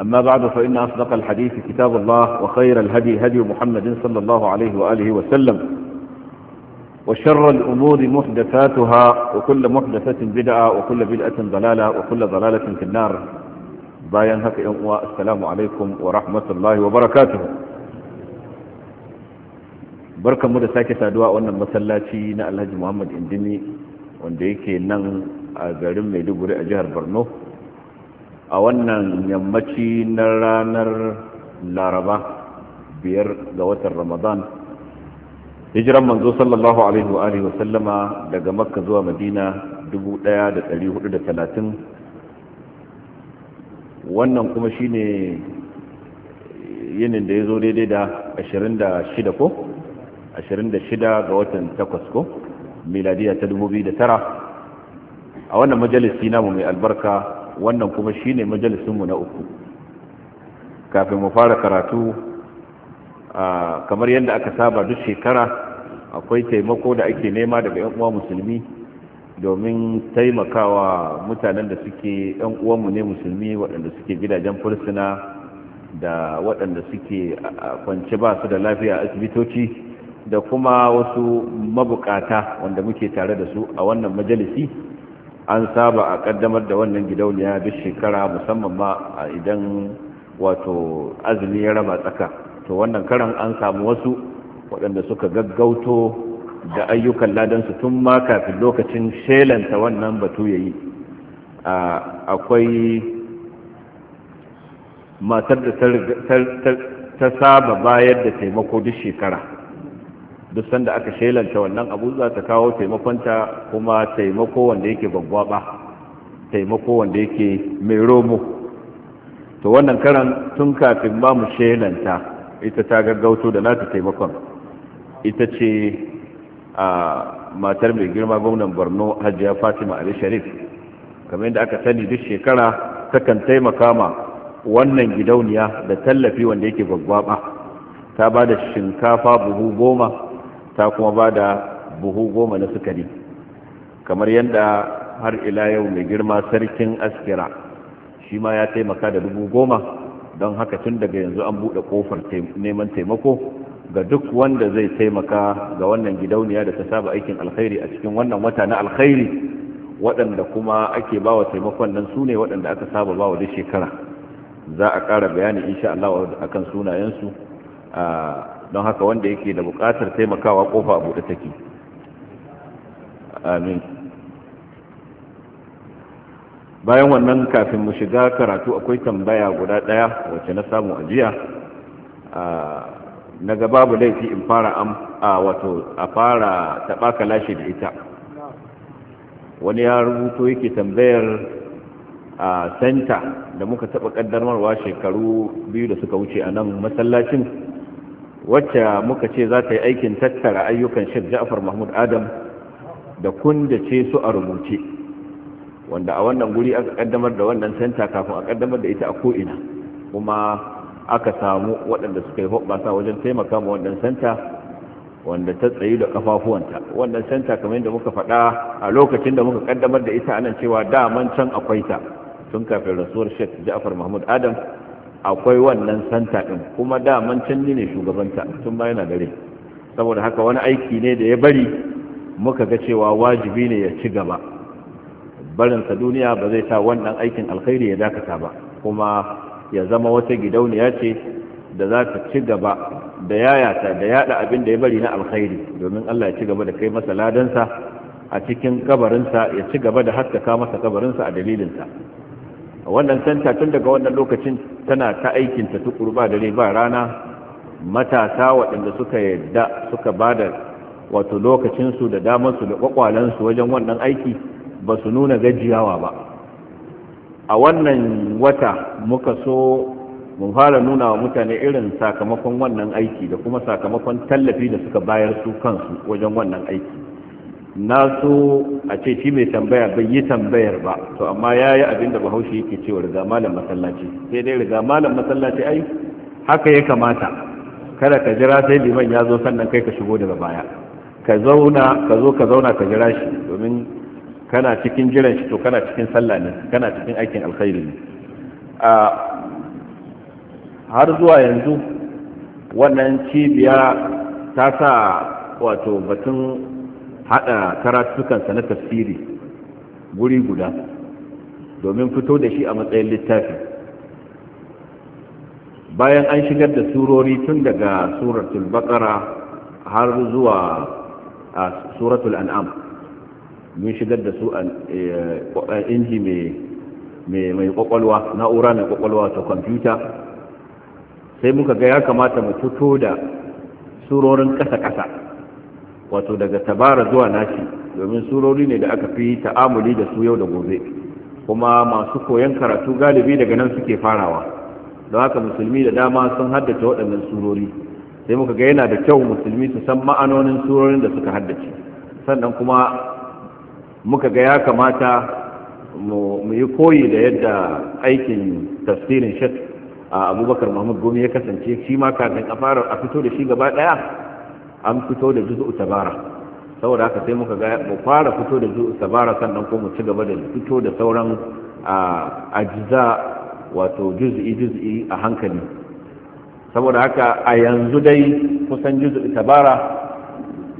أما بعد فإن أصدق الحديث كتاب الله وخير الهدي هدي محمد صلى الله عليه وآله وسلم وشر الأمور محدثاتها وكل محدثة بدعة وكل بدعة ضلالة وكل ضلالة في النار باين هكا السلام عليكم ورحمة الله وبركاته بركة مدى ساكي sake saduwa a wannan masallaci na alhaji muhammad indimi wanda yake nan a garin maiduguri a wannan yammaci na ranar laraba biyar ga watan ramadan hijiran manzo sallallahu alaihi wa alihi wasallama daga makka zuwa madina 1430 wannan kuma shine yinin da ya zo daidai da 26 ko 26 ga watan 8 ko miladiya ta 2009 a wannan majalisi namu mai albarka wannan kuma shi ne majalisunmu na uku kafin mu fara karatu kamar yadda aka saba duk shekara akwai taimako da ake nema daga 'yan uwa musulmi domin taimakawa mutanen da suke 'yan uwanmu ne musulmi waɗanda suke gidajen fursuna da waɗanda suke kwance ba su da lafiya asibitoci da kuma wasu mabukata wanda muke tare da su a wannan majalisi an saba a kaddamar da wannan gidauniya duk shekara musamman ma a idan wato azumi ya raba tsaka to wannan karan an samu wasu waɗanda suka gaggauto da ayyukan ladansu tun ma kafin lokacin shelanta wannan batu ya yi akwai matar da ta saba bayar da taimako duk shekara duk sanda aka shelanta wannan abu za ta kawo taimakonta kuma taimako wanda yake ba taimako wanda yake mai romo to wannan karan tun kafin ba mu shelanta ita ta gaggauto da nata taimakon ita ce a matar mai girma gwamnan borno hajiya fatima ali sharif kamar yadda aka sani duk shekara takan taimaka ma wannan gidauniya da tallafi wanda yake ba, ta ba da shinkafa buhu goma ta kuma ba da buhu goma na sukari kamar yadda har ila yau mai girma sarkin askira shi ma ya taimaka da dubu goma don haka tun daga yanzu an buɗe kofar neman taimako ga duk wanda zai taimaka ga wannan gidauniya da ta saba aikin alkhairi a cikin wannan wata na alkhairi waɗanda kuma ake ba wa taimakon nan su ne waɗanda aka saba ba wa duk shekara za a ƙara bayani insha Allah a kan sunayensu don haka wanda yake da buƙatar taimakawa ƙofa a buɗe take amin bayan wannan kafin mu shiga karatu akwai tambaya guda ɗaya wacce na samu ajiya na ga babu laifi in fara a wato a fara taɓaka lashe da ita wani ya rubuto yake tambayar a senta da muka taɓa ƙaddamarwa shekaru biyu da suka wuce a nan masallacin wacce muka ce za ta yi aikin tattara ayyukan shek ja'far mahmud adam da ce su a rubuce wanda a wannan guri aka kaddamar da wannan senta kafin a kaddamar da ita a ko'ina kuma aka samu waɗanda suka yi hoɓasa wajen taimaka ma wannan senta wanda ta tsayi da kafafuwanta wannan senta kamar yadda muka faɗa a lokacin da muka kaddamar da ita anan cewa daman can akwai ta tun kafin rasuwar shek ja'far mahmud adam akwai wannan santa ɗin kuma da daman can ne shugabanta tun ba yana dare saboda haka wani aiki ne da ya bari muka ga cewa wajibi ne ya ci gaba barinsa duniya ba zai sa wannan aikin alkhairi ya dakata ba kuma ya zama wata gidauniya ce da za ta ci gaba da yayata da yada abin da ya bari na alkhairi domin Allah ya ci gaba da kai masa ladansa a cikin kabarinsa ya ci gaba da haskaka masa kabarinsa a dalilinsa wannan santa tun daga wannan lokacin tana ta aikinta tukuru ba dare ba rana matasa waɗanda suka yadda suka ba da wato lokacinsu da damarsu da kwakwalensu wajen wannan aiki ba su nuna gajiyawa ba a wannan wata muka so mun fara nuna wa mutane irin sakamakon wannan aiki da kuma sakamakon tallafi da suka bayar su kansu wajen wannan aiki na so a ce shi mai tambaya bai yi tambayar ba to amma ya yi abin da bahaushe yake cewa riga malam masallaci sai dai riga malam masallaci ai haka ya kamata kada ka jira sai liman ya zo sannan kai ka shigo daga baya ka zauna ka zo ka zauna ka jira shi domin kana cikin jiran shi to kana cikin sallah ne kana cikin aikin alkhairi ne a har zuwa yanzu wannan cibiya ta sa wato batun haɗa karatukansa na tafsiri guri guda domin fito da shi a matsayin littafi bayan an shigar da surori tun daga suratul baqara har zuwa a suratul an'am mun shigar da su e, inji mai kwakwalwa na'ura mai kwakwalwa ta kwamfuta sai muka ga ya kamata mu fito da surorin ƙasa-ƙasa wato daga tabara zuwa nashi domin surori ne da aka fi ta'amuli da su yau da gobe kuma masu koyon karatu galibi daga nan suke farawa don haka musulmi da dama sun haddace waɗannan surori sai muka ga yana da kyau musulmi su san ma'anonin surorin da suka haddace sannan kuma muka ga ya kamata mu yi koyi da yadda aikin tafsirin shek a abubakar mahmud gomi ya kasance shi ma kafin a fara a fito da shi gaba ɗaya an fito da juzu tabara saboda haka sai muka ga mu fara fito da juzu tabara sannan ko mu ci gaba da fito da sauran ajiza wato juz'i juz'i a hankali saboda haka a yanzu dai kusan juz'i tabara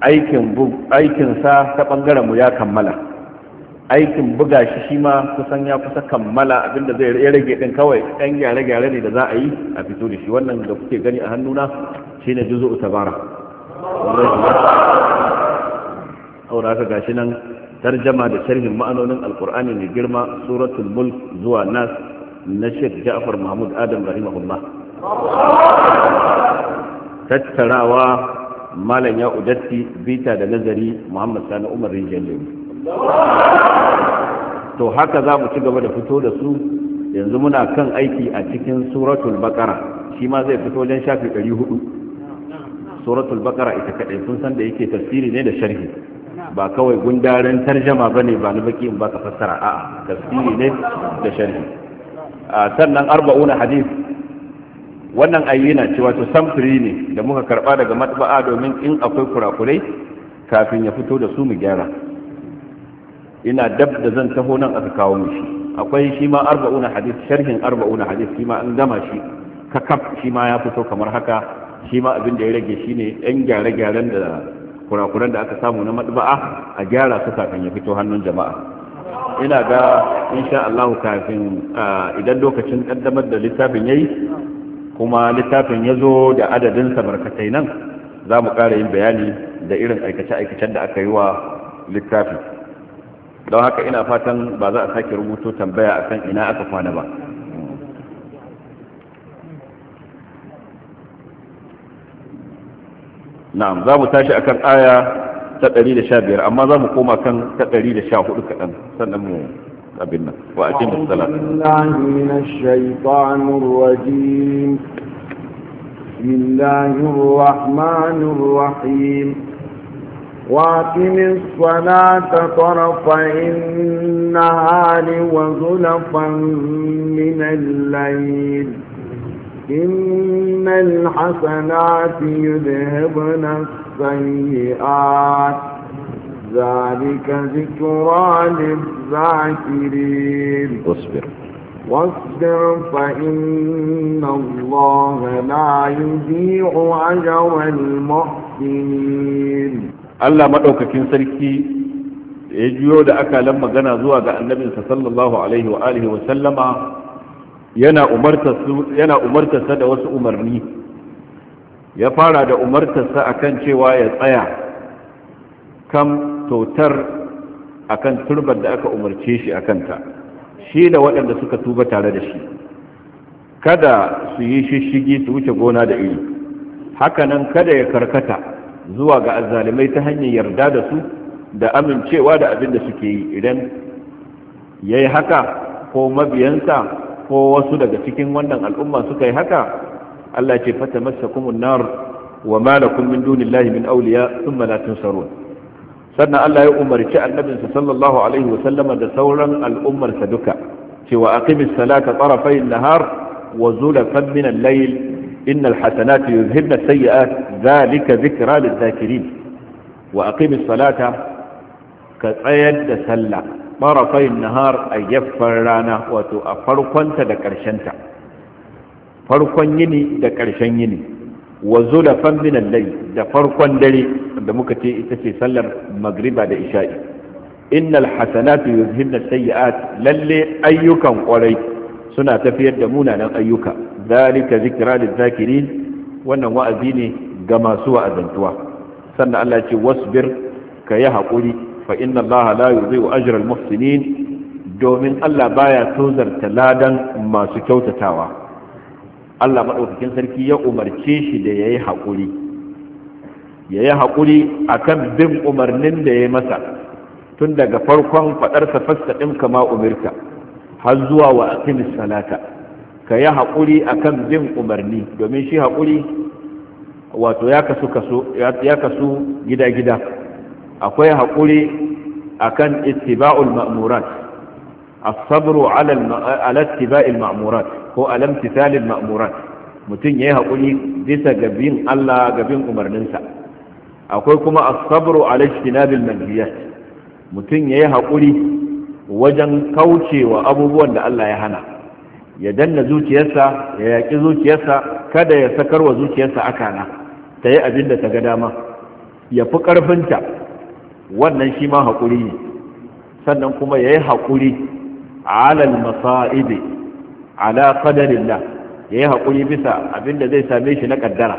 aikin aikin sa ta bangaren mu ya kammala aikin buga shi shi ma kusan ya kusa kammala abinda zai ya rage din kawai ɗan gyare gyare ne da za a yi a fito da shi wannan da kuke gani a hannuna shine juz'u tabara haura ka gashi nan tarjama da sharhin ma'anonin alkur'ani mai girma suratul mulk zuwa nas na sheikh ja'far mahmud adam rahimahullah tattarawa malam ya udatti bita da nazari muhammad sani umar rijiyar to haka za mu ci gaba da fito da su yanzu muna kan aiki a cikin suratul bakara shi ma zai fito don shafi 400 suratul bakara ita kadai kun san da yake tafsiri ne da sharhi ba kawai gundaren tarjama bane ba na baki in baka fassara a'a tafsiri ne da sharhi sannan arba'una hadis wannan ayyana ce wato samfuri ne da muka karba daga matba'a domin in akwai kurakurai kafin ya fito da su mu gyara ina dab da zan taho nan aka kawo mishi akwai shi ma arba'una hadis sharhin arba'una hadis shi ma an gama shi kakaf shi ma ya fito kamar haka shi ma abin da ya rage shine yan gyare-gyaren da kurakuran da aka samu na matba'a a gyara su kafin ya fito hannun jama'a ina ga insha Allah kafin idan lokacin kaddamar da littafin yayi kuma littafin ya zo da adadin sa barkatai nan za mu ƙara yin bayani da irin aikace-aikacen da aka yi wa littafi don haka ina fatan ba za a sake rubuto tambaya akan ina aka kwana ba na'am za mu tashi akan aya ta 115 amma za mu koma kan ta 114 kaɗan sannan mu abin nan wa ake musala بسم واقم الصلاة طرفي النهار وزلفا من الليل إن الحسنات يذهبن السيئات ذلك ذكرى للذاكرين واصبر واصبر فإن الله لا يضيع أجر المحسنين الله مدوكاكين سركي سلكي juyo da aka lamma gana zuwa ga annabinsa sallallahu alaihi wa yana umartarsa da wasu umarni ya fara da umartarsa akan cewa ya tsaya kam totar akan turbar da aka umarce shi akanta shi da waɗanda suka tuba tare da shi kada su yi shishigi su wuce gona da iri hakanan kada ya karkata zuwa ga azalimai ta hanyar yarda da su da amincewa da abin da suke yi idan ya yi haka ko mabiyansa ko wasu daga cikin wannan al'umma suka yi haka Allah ce fata masa kuma nar wa malakun min dunillahi min auliya sun malatun sarun sannan Allah ya umarci annabinsa sallallahu alaihi wasallama da sauran al'ummarsa duka cewa aqimis salata tarafay nahar wa zulafan min al-layl innal hasanati yuzhibna as-sayyi'at dhalika dhikra lidh-dhakirin wa aqimis salata ka tsayar da sallah tarafayin nahar a gefen rana wato a farkonta da ta, farkon yini da ƙarshen yini wa zulafan min al-layl da farkon dare da muka ce ita ce sallar magriba da isha'i innal hasanatu yuzhibna sayyi'at lalle ayyukan ƙwarai suna tafiyar da munanan ayyuka zalika zikra lizakirin wannan wa'azi ne ga masu wa'azantuwa sannan Allah ya ce wasbir ka yi haƙuri fa inna allaha la zai wa al-muhsinin domin Allah baya tozarta ladan masu kyautatawa Allah madaukakin sarki ya umarce shi da yayi hakuri yayi haƙuri akan bin umarnin da ya masa tun daga farkon fasta ɗin kama umirta har zuwa wa aqimis salata ka yi hakuri akan bin umarni domin shi haƙuri wato ya kasu gida-gida akwai haƙuri akan ittiba'ul ma'murat as-sabru 'ala al-ittiba'il ma'murat ko 'ala imtithalil ma'murat mutum yayi haƙuri bisa ga Allah gabin umarninsa akwai kuma as-sabru 'ala ijtinabil manhiyat mutum yayi haƙuri wajen kaucewa abubuwan da Allah ya hana ya danna zuciyarsa ya yaƙi zuciyarsa kada ya sakarwa zuciyarsa akana ta yi abin da ta ga dama ya fi ƙarfinta wannan shi ma haƙuri ne sannan kuma ya yi haƙuri alal masa'ibi ala qadarillah ya yi haƙuri bisa abinda zai same shi na ƙaddara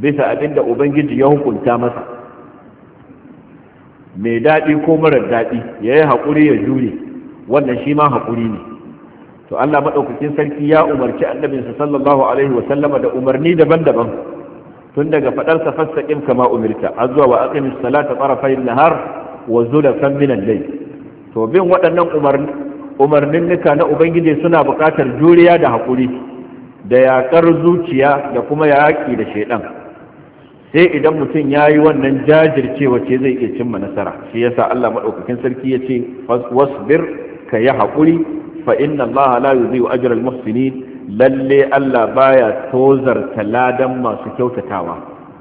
bisa abinda ubangiji ya hukunta masa mai daɗi ko marar daɗi ya yi haƙuri ya jure wannan shi ma haƙuri ne to Allah maɗaukacin sarki ya umarci annabinsa sallallahu alaihi wa da umarni daban-daban tun daga fadar sa fastaqim kama umirta azwa wa aqimis salata tarafay nahar wa zulafan min al-layl to bin waɗannan umarnin nika na ubangiji suna buƙatar juriya da haƙuri da yaƙar zuciya da kuma yaƙi da shaidan sai idan mutum ya yi wannan jajircewa ce zai iya cimma nasara shi yasa Allah maɗaukakin sarki ya ce wasbir ka yi haƙuri fa inna Allah la yudhi'u ajral al-muhsinin lalle Allah baya tozarta ladan masu kyautatawa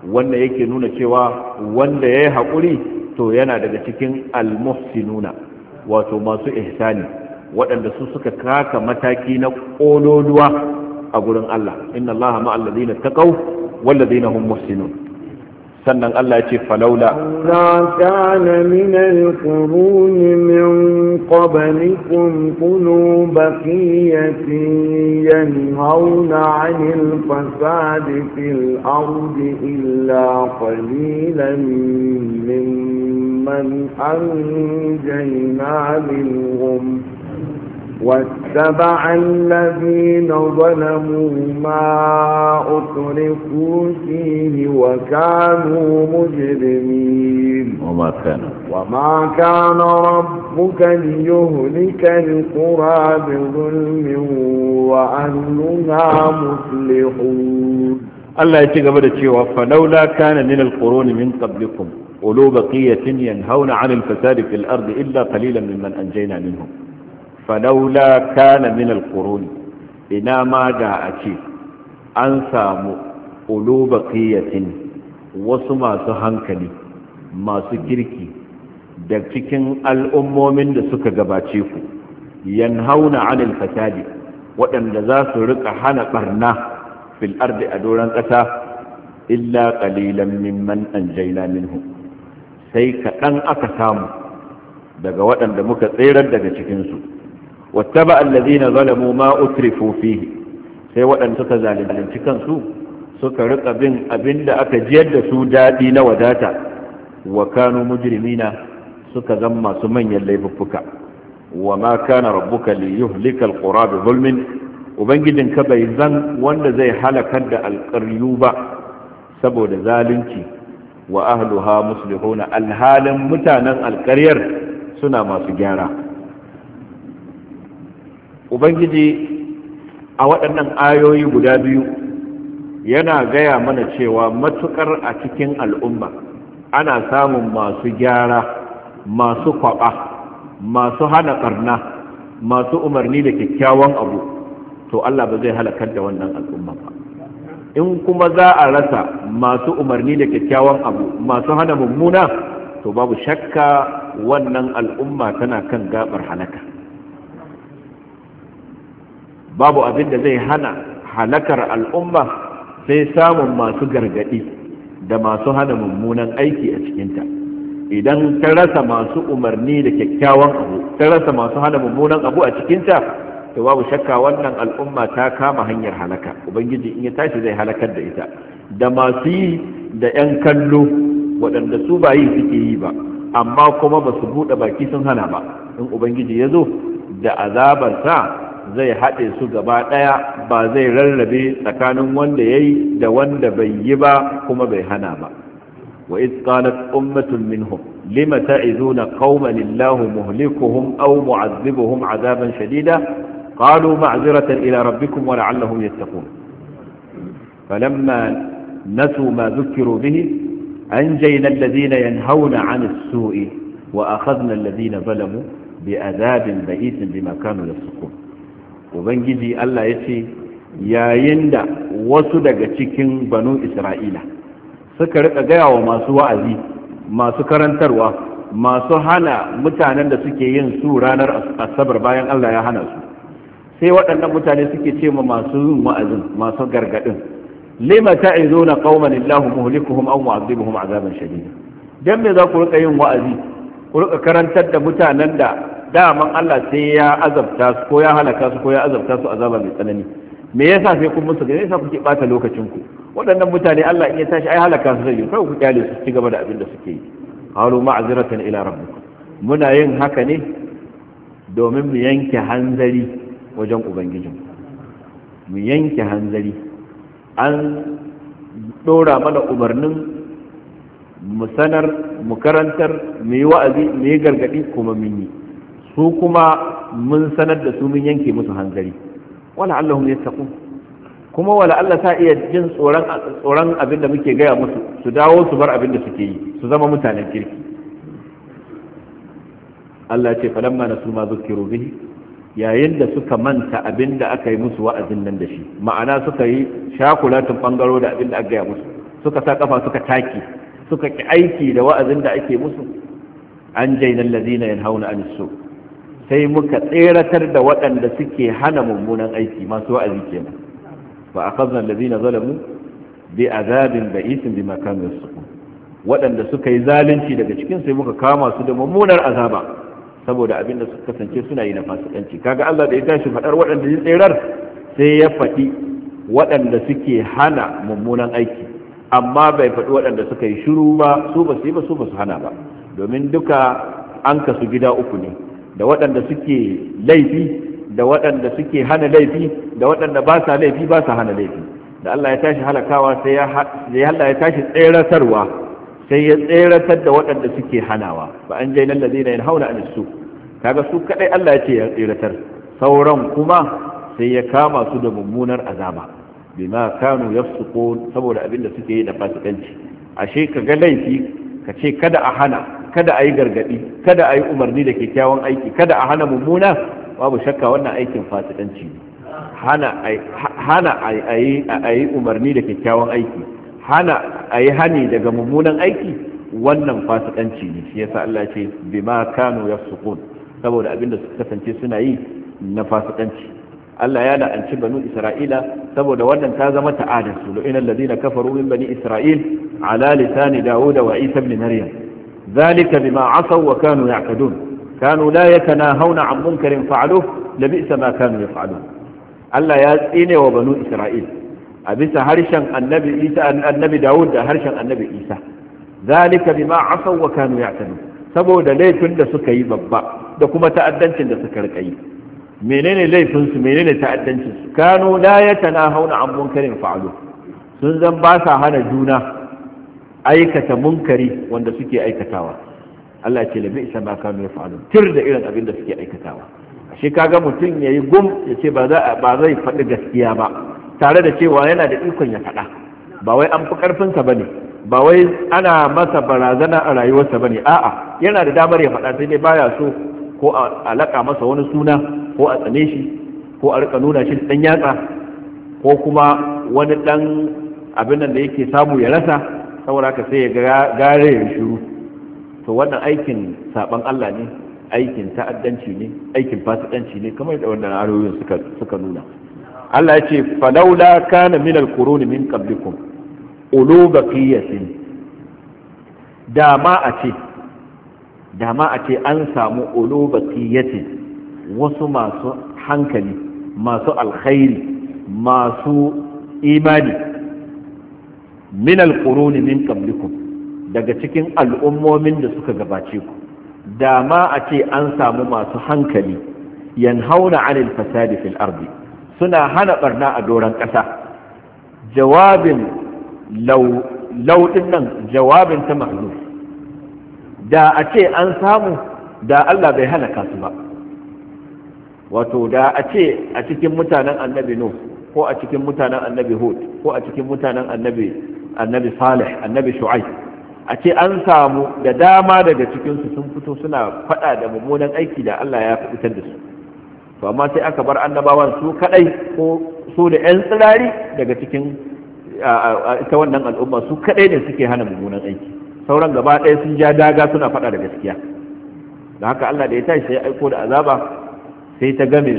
wannan yake nuna cewa wanda ya yi haƙuri to yana daga cikin almuhsinuna wato masu ihsani waɗanda su suka kaka mataki na ƙololuwa a gurin Allah inna Allah ma'allazina taqaw wallazina hum muhsinun sannan Allah ya ce falaula la kana min al-qurun min qablikum kulu baqiyatin yanhauna 'anil fasadi fil ardi illa qalilan mimman anjayna minhum واتبع الذين ظلموا ما أتركوا فيه وكانوا مجرمين وما كان وما كان ربك ليهلك القرى بظلم وأهلها مصلحون الله يتقبل الشيوخ فلولا كان من القرون من قبلكم قلوب بقية ينهون عن الفساد في الأرض إلا قليلا ممن أنجينا منهم falaula kana min alquruni ina ma da a ce an samu uluba kiyatin wasu masu hankali masu kirki da cikin al'ummomin da suka gabace ku yanhauna anil fasadi waɗanda za su rika hana barna fil ardi a doron ƙasa illa ƙalilan mimman anjayna minhu sai kaɗan aka samu daga waɗanda muka tserar daga cikinsu wattaba allazina zalamu ma utrifu fihi sai waɗanda suka zalunci kansu suka rika bin abinda aka jiyar da su daɗi na wadata wa kano mujrimina suka zama masu manyan laifuffuka wa ma kana rabbuka li yuhlika alqura bi zulmin ubangijin ka bai zan wanda zai halakar da alƙaryu ba saboda zalunci wa ahluha muslihuna alhalin mutanen alƙaryar suna masu gyara ubangiji a waɗannan ayoyi guda biyu yana gaya mana cewa matukar a cikin al'umma ana samun masu gyara masu kwaɓa masu hana ƙarna masu umarni da kyakkyawan abu to Allah ba zai halakar da wannan al'umma ba in kuma za a rasa masu umarni da kyakkyawan abu masu hana mummuna to babu shakka wannan al'umma tana kan gabar halaka babu abin da zai hana halakar al'umma sai samun masu gargadi da masu hana mummunan aiki a cikinta idan ta rasa masu umarni da kyakkyawan abu ta rasa masu hana mummunan abu a cikinta to babu shakka wannan al'umma ta kama hanyar halaka ubangiji in ya tashi zai halakar da ita da masu yi da 'yan kallo waɗanda su ba yi suke yi ba amma kuma ba su buɗe baki sun hana ba in ubangiji ya zo da azabarsa zai haɗe su gaba ɗaya ba zai rarrabe tsakanin wanda ya yi da wanda bai yi ba kuma bai hana ba wa iz qalat ummatun minhum lima ta'izuna qauman illahu muhlikuhum aw mu'adhibuhum 'adaban shadida qalu ma'ziratan ila rabbikum wa la'allahum yattaqun falamma nasu ma dhukiru bihi anjayna alladhina yanhawna 'an as su'i wa akhadna alladhina zalamu bi'adabin ba'isin bima kanu yafsukun ubangiji Allah ya ce yayin da wasu daga cikin banu isra'ila suka rika gaya wa masu wa'azi masu karantarwa masu hana mutanen da suke yin su ranar asabar bayan Allah ya hana su sai waɗannan mutane suke ce ma masu yin wa'azin masu gargaɗin lima na qauman illahu muhlikuhum aw mu'adhibuhum azaban shadida dan me za ku rika yin wa'azi ku rika karantar da mutanen da daman Allah sai ya azabta su ko ya halaka su ko ya azabta su azaba mai tsanani me yasa sai kun musu gane yasa kuke bata lokacin ku waɗannan mutane Allah in ya tashi ai halaka su zai kai ku kyale su ci gaba da abin da suke yi qalu ma'ziratan ila rabbikum muna yin haka ne domin mu yanke hanzari wajen ubangijin mu yanke hanzari an dora mana umarnin mu sanar mu karantar mu yi wa'azi mu yi gargadi kuma mun yi su kuma mun sanar da su mun yanke musu hankali wala ya saku? kuma wala Allah ta iya jin tsoron tsoron abin da muke gaya musu su dawo su bar abin da suke yi su zama mutanen kirki Allah ce fa lamma nasu ma zukiru bihi yayin da suka manta abin da aka yi musu wa'azin nan da shi ma'ana suka yi shakulatin bangaro da abin da aka gaya musu suka sa kafa suka taki suka ki aiki da wa'azin da ake musu an jaina allazina yanhauna anis su' sai muka tseratar da waɗanda suke hana mummunan aiki masu wa'azi kenan fa akhadna alladhina zalamu bi azabin ba'isin bima kanu su waɗanda suka yi zalunci daga cikin sai muka kama su da mummunar azaba saboda abin da suka kasance suna yi na fasikanci kaga Allah da ya tashi faɗar waɗanda ya tserar sai ya faɗi waɗanda suke hana mummunan aiki amma bai faɗi waɗanda suka yi shiru ba su ba su yi ba su ba su hana ba domin duka an kasu gida uku ne da waɗanda suke laifi da waɗanda suke hana laifi da waɗanda ba sa laifi ba sa hana laifi da Allah ya tashi halakawa sai ya Allah ya tashi tseratarwa sai ya tseratar da waɗanda suke hanawa ba an jai nan lazina yin hauna an su kaga su kadai Allah ya ce ya tseratar sauran kuma sai ya kama su da mummunar azaba bima kanu yafsuqun saboda abin da suke yi da fasikanci ashe kaga laifi ka ce kada a hana kada a yi gargadi kada a yi umarni da kyakkyawan aiki kada a hana mummuna babu shakka wannan aikin fasikanci ne hana a yi umarni da kyakkyawan aiki hana a yi hani daga mummunan aiki wannan fasikanci ne shi yasa Allah ce bima kanu yafsukun saboda abinda suka kasance suna yi na fasikanci Allah ya la'anci banu Isra'ila saboda wannan ta zama ta'adar su lo'inal ladina kafaru min bani Isra'il على لسان داود وعيسى بن مريم ذلك بما عصوا وكانوا يعتدون كانوا لا يتناهون عن منكر فعلوه لبئس ما كانوا يفعلون ألا يزئين وبنو إسرائيل أبس هرشا النبي إيسى النبي داود هرشا النبي إيسى ذلك بما عصوا وكانوا يعتدون saboda laifin da suka yi babba da kuma ta'addancin da suka rika yi menene laifin su menene ta'addancin su kanu la yatanahawna an munkarin fa'alu sun zan ba sa hana juna aikata munkari wanda suke aikatawa Allah ce labi isa ma kanu ya fa'alun tir da irin abin da suke aikatawa shi kaga mutum ya yi gum ya ce ba zai faɗi gaskiya ba tare da cewa yana da ikon ya faɗa ba wai an fi ƙarfinsa ba ne ba wai ana masa barazana a rayuwarsa ba ne a'a yana da damar ya faɗa sai dai baya so ko a laƙa masa wani suna ko a tsane shi ko a rika nuna shi ɗan yatsa ko kuma wani ɗan abin nan da yake samu ya rasa saboda ka sai ya gare ya shiru to wannan aikin saban Allah ne aikin ta'addanci ne aikin fasikanci ne kamar da wannan ayoyin suka suka nuna Allah ya ce falaula kana min al-quruni min qablikum ulu baqiyatin dama a ce dama a ce an samu ulu baqiyatin wasu masu hankali masu alkhairi masu imani min alquruni min qablikum daga cikin al'ummomin da suka gabace ku da ma a ce an samu masu hankali yanhauna 'anil fasadi fil ardi suna hana barna a doron ƙasa jawabin law nan jawabin ta mahzuf da a ce an samu da Allah bai halaka su ba wato da a ce a cikin mutanen annabi nuh ko a cikin mutanen annabi hud ko a cikin mutanen annabi annabi salih annabi Shu'aib a ce an samu da dama daga cikinsu sun fito suna fada da mummunan aiki da Allah ya fitar da su to amma sai aka bar annabawan su kadai ko su da yan tsirari daga cikin ita wannan al'umma su kadai ne suke hana mummunan aiki sauran gaba ɗaya sun ja daga suna fada da gaskiya da haka Allah da ya tashi sai aiko da azaba sai ta game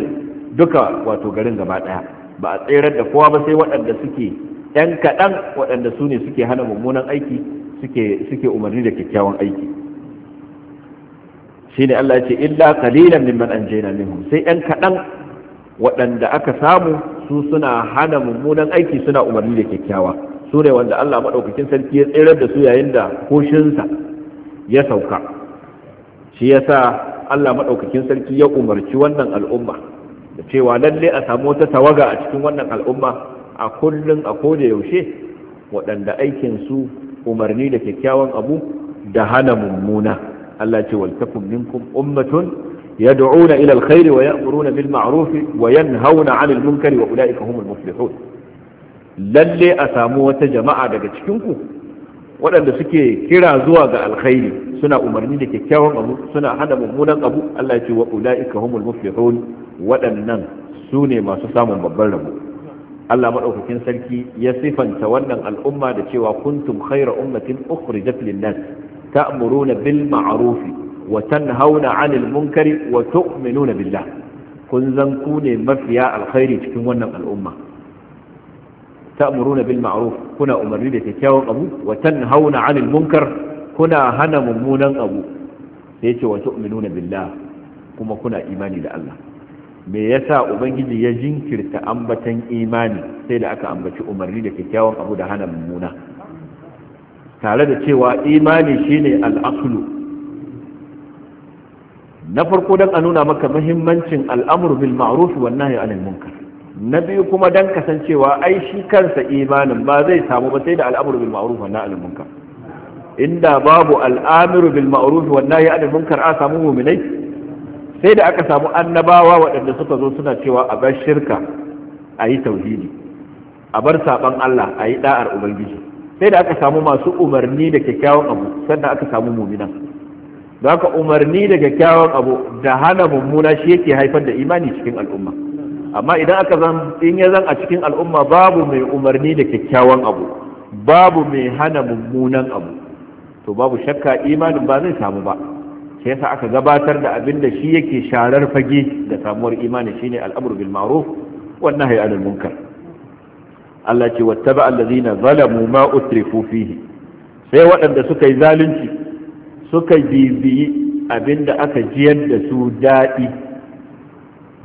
duka wato garin gaba ɗaya ba a tserar da kowa ba sai waɗanda suke 'yan kaɗan waɗanda su ne suke hana mummunan aiki suke umarni da kyakkyawan aiki shi ne Allah ya ce illa kalilan min man jena minhum sai 'yan kaɗan waɗanda aka samu su suna hana mummunan aiki suna umarni da kyakkyawa su ne wanda Allah maɗaukakin sarki ya tsirar da su yayin da koshinsa ya sauka shi ya sa Allah maɗaukakin sarki ya umarci wannan al'umma da cewa lalle a samu wata tawaga a cikin wannan al'umma a kullum a koda yaushe waɗanda aikinsu umarni da kyakkyawan abu da hana mummuna Allah ce waltakum minkum ummatun yad'una ila alkhairi wa ya'muruna bil ma'ruf wa yanhauna 'anil munkari wa ulaika humul muflihun lalle a samu wata jama'a daga cikin ku waɗanda suke kira zuwa ga alkhairi suna umarni da kyakkyawan abu suna hana mummunan abu Allah ya ce wa ulaika humul muflihun waɗannan su ne masu samun babban rabo Allah madaukakin sarki ya sifanta wannan al'umma da cewa kuntum khayra ummatin ukhrijat lin-nas ta'muruna bil ma'ruf wa tanhauna 'anil munkari wa tu'minuna billah kun zan ku ne mafiya alkhairi cikin wannan al'umma ta'muruna bil ma'ruf kuna umarni da kyakkyawan abu wa tanhauna 'anil munkar kuna hana mummunan abu sai ce wa tu'minuna billah kuma kuna imani da Allah me yasa ubangiji ya jinkirta ambatan imani sai da aka ambaci umarni da kyakkyawan abu da hana mummuna tare da cewa imani shine al'aslu na farko don a nuna maka muhimmancin al'amur bil ma'ruf wan nahyi anil munkar na biyu kuma dan kasancewa ai shi kansa imanin ba zai samu ba sai da al'amur bil ma'ruf wan nahyi anil munkar inda babu al'amur bil ma'ruf wan nahyi anil munkar a samu mu'minai sai da aka samu annabawa waɗanda suka zo suna cewa a bar shirka a yi tauhidi a bar saban Allah a yi da'ar ubangiji sai da aka samu masu umarni da kyakkyawan abu sannan aka samu muminan da haka umarni da kyakkyawan abu da hana mummuna shi yake haifar da imani cikin al'umma amma idan aka zan in ya zan a cikin al'umma babu mai umarni da kyakkyawan abu babu mai hana mummunan abu to babu shakka imanin ba zai samu ba sai yasa aka gabatar da abin da shi yake sharar fage da samuwar imani shine al'amru bil ma'ruf wan nahyi anil munkar Allah ce wattaba allazina zalamu ma utrifu fihi sai waɗanda suka yi zalunci suka bibiyi abin da aka jiyar da su daɗi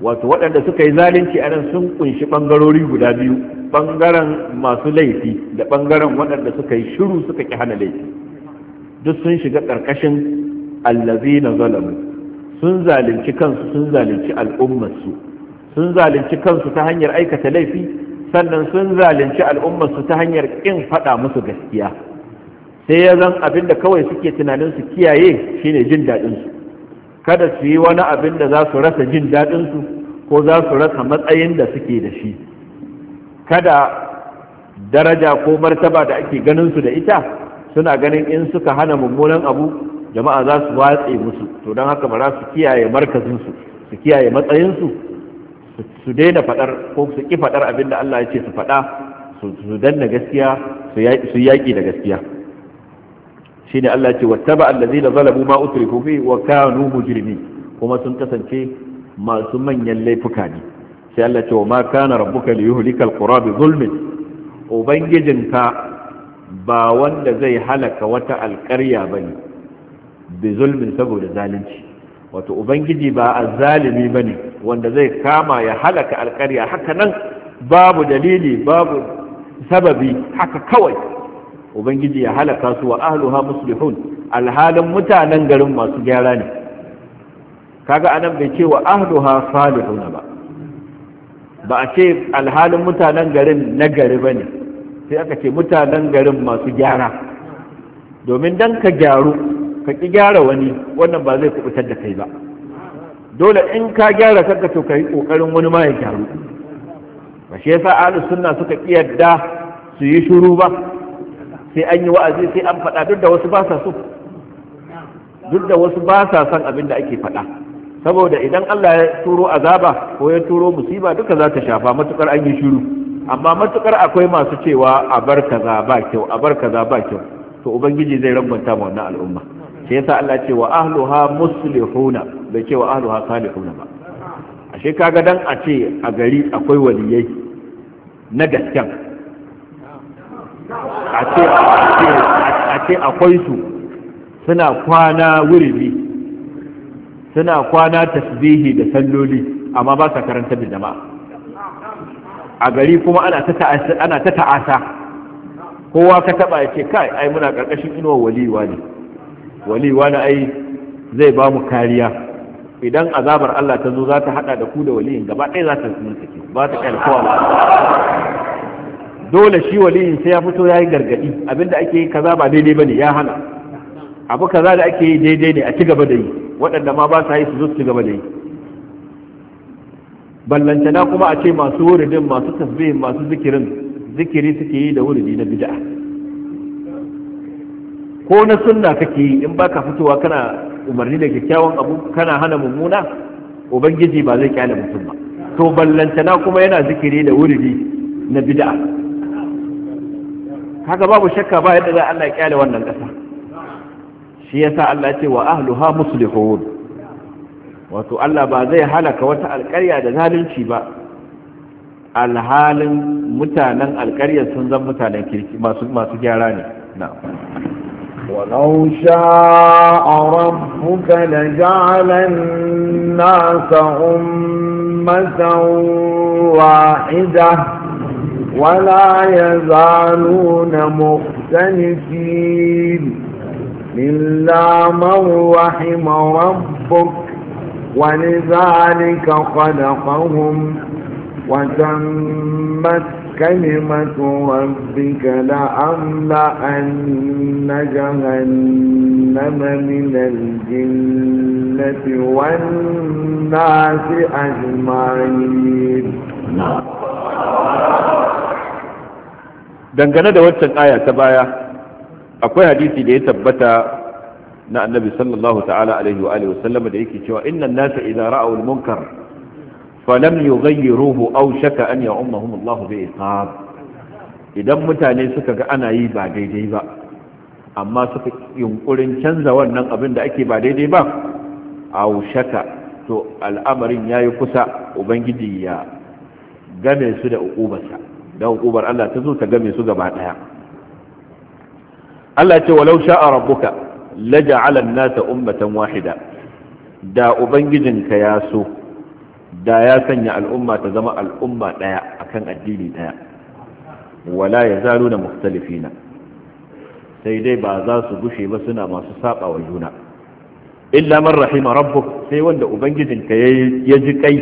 wato waɗanda suka yi zalunci a nan sun kunshi ɓangarori guda biyu ɓangaren masu laifi da ɓangaren waɗanda suka yi shiru suka ƙi hana laifi duk sun shiga ƙarƙashin allazina zalamu sun zalunci kansu sun zalunci al'ummarsu sun zalunci kansu ta hanyar aikata laifi sannan sun zalunci al'ummarsu ta hanyar ƙin faɗa musu gaskiya sai ya zan abin da kawai suke tunanin su kiyaye shine jin su kada su yi wani abin da za su rasa jin daɗinsu ko za su rasa matsayin da suke da shi kada daraja ko martaba da ake ganin su da ita suna ganin in suka hana mummunan abu jama'a za su watse musu to don haka ba za su kiyaye markazinsu su kiyaye matsayinsu su daina faɗar ko su ƙi faɗar abin da Allah ya ce su faɗa su danna gaskiya su yaƙi da gaskiya Shi ne Allah ya ce wattaba allazina zalabu ma utriku fi wa kanu mujrimi kuma sun kasance masu manyan laifuka ne sai Allah ya ce wa ma kana rabbuka yuhlikal qura bi zulmin ubangijinka ba wanda zai halaka wata alƙarya bane bi zulmin saboda zalunci wato ubangiji ba a azzalimi bane wanda zai kama ya halaka alƙarya haka nan babu dalili babu sababi haka kawai ubangiji ya halaka su wa ahluha muslihun alhalin mutanen garin masu gyara ne kaga anan bai ce wa ahluha salihun ba ba a ce alhalin mutanen garin na gari ba ne sai aka ce mutanen garin masu gyara domin dan ka gyaru ka ki gyara wani wannan ba zai kubutar da kai ba dole in ka gyara kanka to ka yi kokarin wani ma ya gyaru ba shi yasa ahlus sunna suka ƙi yadda su yi shuru ba sai an yi wa'azi sai an faɗa duk da wasu ba sa so duk da wasu ba sa son abin da ake faɗa saboda idan Allah ya turo azaba ko ya turo musiba duka za ta shafa matukar an yi shuru amma matukar akwai masu cewa a bar kaza ba kyau a bar kaza ba kyau to ubangiji zai rabanta ma wannan al'umma sai yasa Allah ce wa ahluha muslihuna bai ce wa ahluha salihuna ba ashe kaga dan a ce a gari akwai waliyai na gasken a ce akwai su suna kwana wurbi suna kwana tasbihi da salloli amma ba sa karanta da jama'a a gari kuma ana ta ta'asa kowa ka taba ya ce kai ai muna karkashin inuwar waliwa ne wali wani ai zai ba mu kariya idan azabar Allah ta zo za ta hada da ku da waliyin gaba ɗaya za ta sake ba ta kyalkowa dole shi waliyin sai ya fito ya yi gargadi abinda ake yi kaza ba daidai bane ya hana abu kaza da ake yi daidai ne a ci gaba da yi waɗanda ma ba sa yi su zo su ci gaba da yi ballantana kuma a ce masu wuridin masu tasbihin masu zikirin zikiri suke yi da wuridi na bid'a ko na sunna kake yi in baka fitowa kana umarni da kyakkyawan abu kana hana mummuna ubangiji ba zai kyale mutum ba to ballantana kuma yana zikiri da wuridi na bid'a kaga babu shakka ba yadda za Allah ya kyale wannan kasa shi yasa Allah ya ce wa ahluha muslihun wato Allah ba zai halaka wata alƙarya da zalunci ba alhalin mutanen alƙaryar sun zama mutanen kirki masu gyara ne na'am ولو شاء ربك لجعل الناس أمة واحدة ولا يزالون مختلفين إلا من رحم ربك ولذلك خلقهم وتمت كلمة ربك لأملأن جهنم من الجنة والناس أجمعين dangane da waccan aya ta baya akwai hadisi da ya tabbata na annabi sallallahu ta'ala alaihi wa alihi wa da yake cewa innan nasa idza ra'aw munkar falam yughayyiruhu au shaka an ya'ummahum Allah bai iqab idan mutane suka ga ana yi ba daidai ba amma suka yunkurin canza wannan abin da ake ba daidai ba au shaka to al'amarin yayi kusa ubangiji ya game su da uqubarsa da uqubar Allah ta zo ta game su gaba ɗaya Allah ce walau sha'a rabbuka laja'ala an-nasa ummatan wahida da ubangijinka ya so da ya sanya al'umma ta zama al'umma ɗaya akan addini ɗaya wala ya zalu na mukhtalifina sai dai ba za su gushe ba suna masu saba wa juna illa man rahima rabbuk sai wanda ubangijinka ya ji kai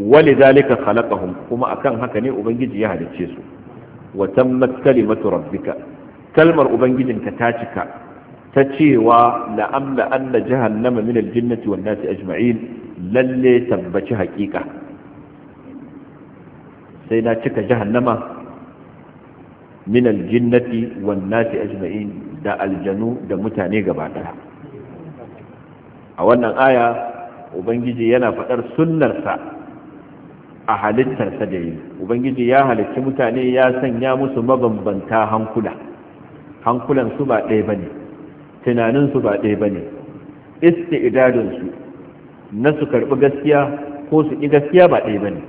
wali zalika khalaqahum kuma akan haka ne ubangiji ya halicce su wa tammat kalimatu rabbika kalmar ubangijinka ta cika ta cewa la'amla anna jahannama min aljinnati wan nasi ajma'in lalle tabbaci haƙiƙa sai na cika jahannama min aljinnati wan nasi ajma'in da aljanu da mutane gaba daya a wannan aya ubangiji yana faɗar sunnarsa a halittarsa da yi ubangiji ya halicci mutane ya sanya musu mabambanta hankula su ba ɗaya ba ne tunaninsu ba ɗaya ba ne isti'idadinsu na su karɓi gaskiya ko su ƙi gaskiya ba ɗaya ba ne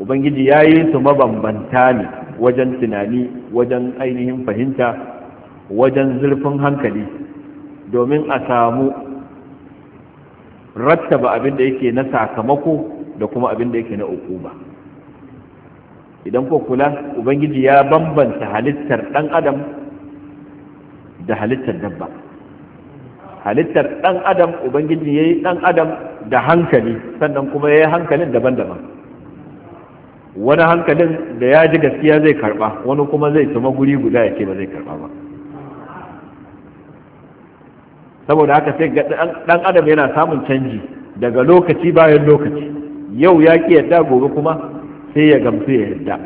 ubangiji ya yi su mabambanta ne wajen tunani wajen ainihin fahimta wajen zurfin hankali domin a samu rattaba abin da yake na sakamako da kuma abin da yake na ukuba idan ko kula ubangiji ya bambanta halittar ɗan adam da halittar dabba halittar ɗan adam ubangiji ya yi ɗan adam da hankali sannan kuma ya yi hankalin daban-daban wani hankalin da ya ji gaskiya zai karba wani kuma zai tuma guri guda ya ce ba zai karba ba saboda haka sai ɗan adam yana samun canji daga lokaci bayan lokaci yau ya ki yadda gobe kuma sai ya gamsu ya yadda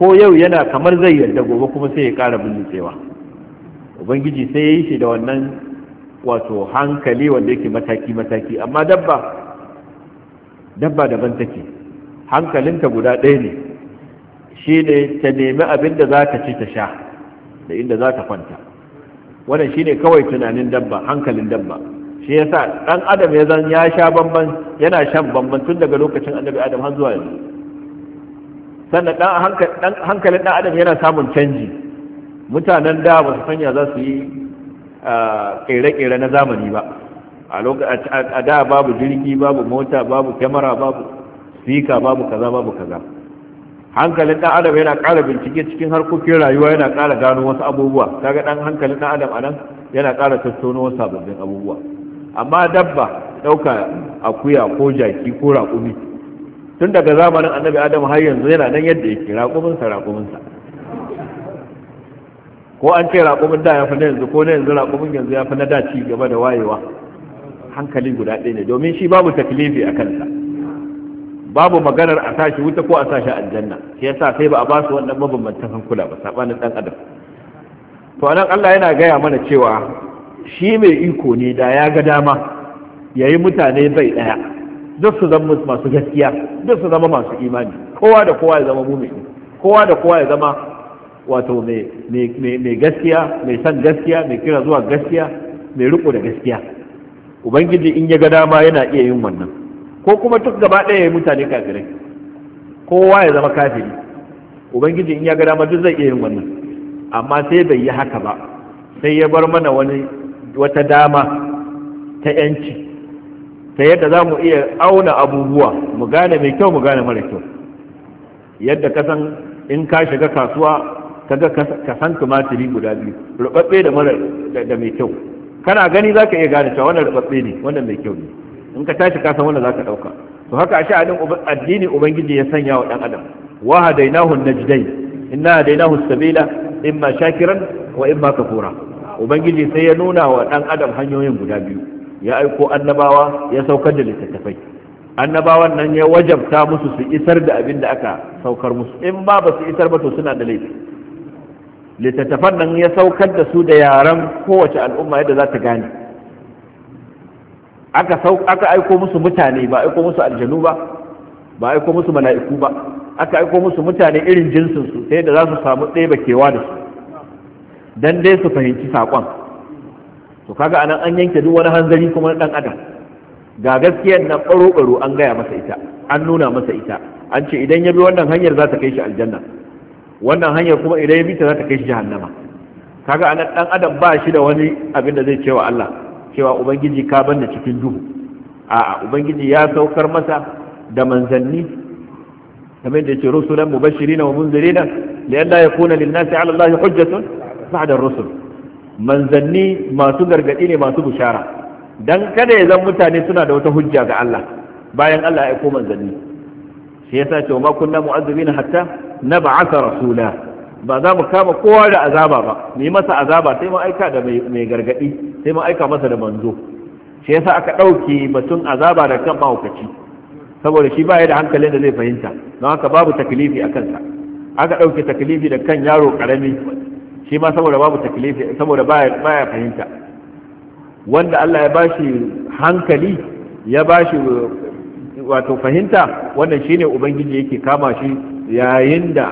ko yau yana kamar zai yadda gobe kuma sai ya ƙara bincikewa ubangiji sai ya yi shi da wannan wato hankali wanda yake mataki-mataki amma dabba dabba daban take hankalinta guda ɗaya ne shi ne ta nemi abin da za ta ci ta sha da inda za ta kwanta wannan shi ne kawai tunanin dabba hankalin dabba shi ya sa ɗan adam ya zan ya sha bamban yana shan bamban tun daga lokacin annabi adam har zuwa yanzu sannan hankalin ɗan adam yana samun canji mutanen da ba su sanya za su yi ƙere-ƙere na zamani ba a da babu jirgi babu mota babu kyamara babu sika babu kaza babu kaza hankalin ɗan adam yana kara bincike cikin harkokin rayuwa yana kara gano wasu abubuwa kaga ɗan hankalin ɗan adam anan yana kara tattauno wasu sababbin abubuwa amma dabba ɗauka akuya ko jaki ko raƙumi tun daga zamanin annabi adam har yanzu yana nan yadda yake raƙuminsa raƙuminsa ko an ce raƙumin da ya fi na yanzu ko na yanzu raƙumin yanzu ya fi na da ci gaba da wayewa hankali guda ɗaya ne domin shi babu taklifi a kansa babu maganar a sashi wuta ko a sashi aljanna shi yasa sai ba a basu su wannan mabambantan hankula ba sabanin dan adam to anan Allah yana gaya mana cewa shi mai iko ne da ya ga dama yayi mutane bai daya duk su zama masu gaskiya duk su zama masu imani kowa da kowa ya zama mu'mini kowa da kowa ya zama wato mai gaskiya mai san gaskiya mai kira zuwa gaskiya mai riko da gaskiya ubangiji in ya ga dama yana iya yin wannan ko kuma duk gaba ɗaya ya yi mutane kafirai kowa ya zama kafiri ubangiji in ya ga dama duk zai iya yin wannan amma sai bai yi haka ba sai ya bar mana wani wata dama ta yanci ta yadda za mu iya auna abubuwa mu gane mai kyau mu gane mara kyau yadda kasan in ka shiga kasuwa kaga ka san tumatiri guda biyu rubabbe da mara da mai kyau kana gani zaka iya gane cewa wannan rubabbe ne wannan mai kyau ne in ka tashi ka san wannan zaka dauka to haka a sha'anin addini ubangiji ya sanya wa dan adam wa hadainahu najdain inna hadainahu sabila imma shakiran wa imma kafura ubangiji sai ya nuna wa dan adam hanyoyin guda biyu ya aiko annabawa ya saukar da littattafai annabawan nan ya wajabta musu su isar da abin da aka saukar musu in ba ba su isar ba to suna da laifi littattafan nan ya saukar da su da yaran kowace al'umma yadda za ta gane aka aka aiko musu mutane ba aiko musu aljanu ba ba aiko musu mala'iku ba aka aiko musu mutane irin jinsin su sai da za su samu ɗeba kewa da su dan dai su fahimci saƙon to kaga anan an yanke duk wani hanzari kuma na ɗan adam ga gaskiyar nan baro ɓaro an gaya masa ita an nuna masa ita an ce idan ya bi wannan hanyar za ta kai shi aljanna wannan hanyar kuma idan ya bita za ta kai shi jahannama kaga anan dan adam ba shi da wani abin da zai cewa Allah cewa ubangiji ka banna cikin duhu a'a ubangiji ya saukar masa da manzanni kamar da yake rusulan mubashirin wa munzirin lian la yakuna lin nasi ala Allah hujjatun ba'da rusul manzanni masu gargadi ne masu bushara dan kada ya zan mutane suna da wata hujja ga Allah bayan Allah ya aiko manzanni shi yasa ce ma kunna mu'azzibina hatta nab'atha rasula ba za mu kama kowa da azaba ba mu yi masa azaba sai mu aika da mai gargadi sai mu aika masa da manzo shi yasa aka dauke batun azaba da kan mahaukaci saboda shi ba ya da hankalin da zai fahimta don haka babu taklifi a kansa aka dauke taklifi da kan yaro karami shi ma saboda babu taklifi saboda baya fahimta wanda Allah ya bashi hankali ya bashi wato fahimta wannan shine ubangiji yake kama shi yayin da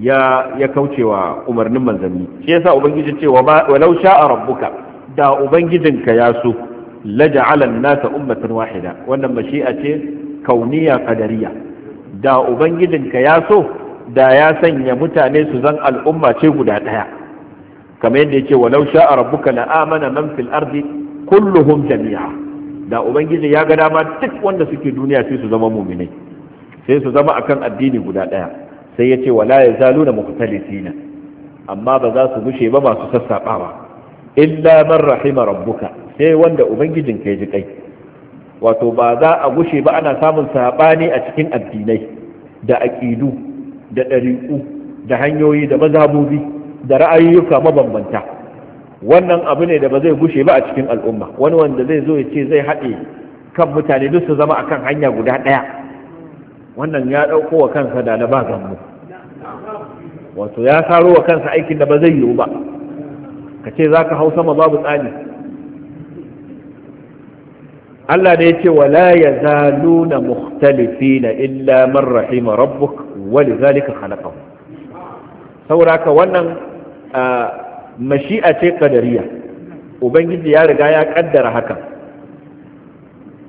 ya ya kaucewa umarnin manzanni shi yasa ubangiji ce walau sha'a rabbuka da ubangijinka ya so laja'ala nasa ummatan wahida wannan mashi'a ce kauniya qadariya da ubangijinka ya so da ya sanya mutane su zan al'umma ce guda daya kamar yadda yake walau sha'a rabbuka la amana man fil ardi kulluhum jami'a da ubangiji ya ga dama duk wanda suke duniya sai su zama muminai sai su zama akan addini guda daya sai ya ce wala ya zalu mukhtalifina amma ba za su gushe ba masu sassaɓawa illa man rahima rabbuka sai wanda ubangijin ka ji kai wato ba za a gushe ba ana samun saɓani a cikin addinai da aƙidu da ɗari'u da hanyoyi da mazhabobi da ra'ayoyuka mabambanta wannan abu ne da ba zai gushe ba a cikin al'umma wani wanda zai zo ya ce zai haɗe kan mutane duk su zama akan hanya guda ɗaya wannan ya ɗauko wa kansa da na ba wato ya saro wa kansa aikin da ba zai yiwu ba ka ce za ka hau sama babu tsani Allah ne ya ce wala ya zaluna na illa man rahima rabbuk wa lidhalika khalaqahum saboda ka wannan ah, mashi'a ce kadariya ubangiji ya riga ya kaddara haka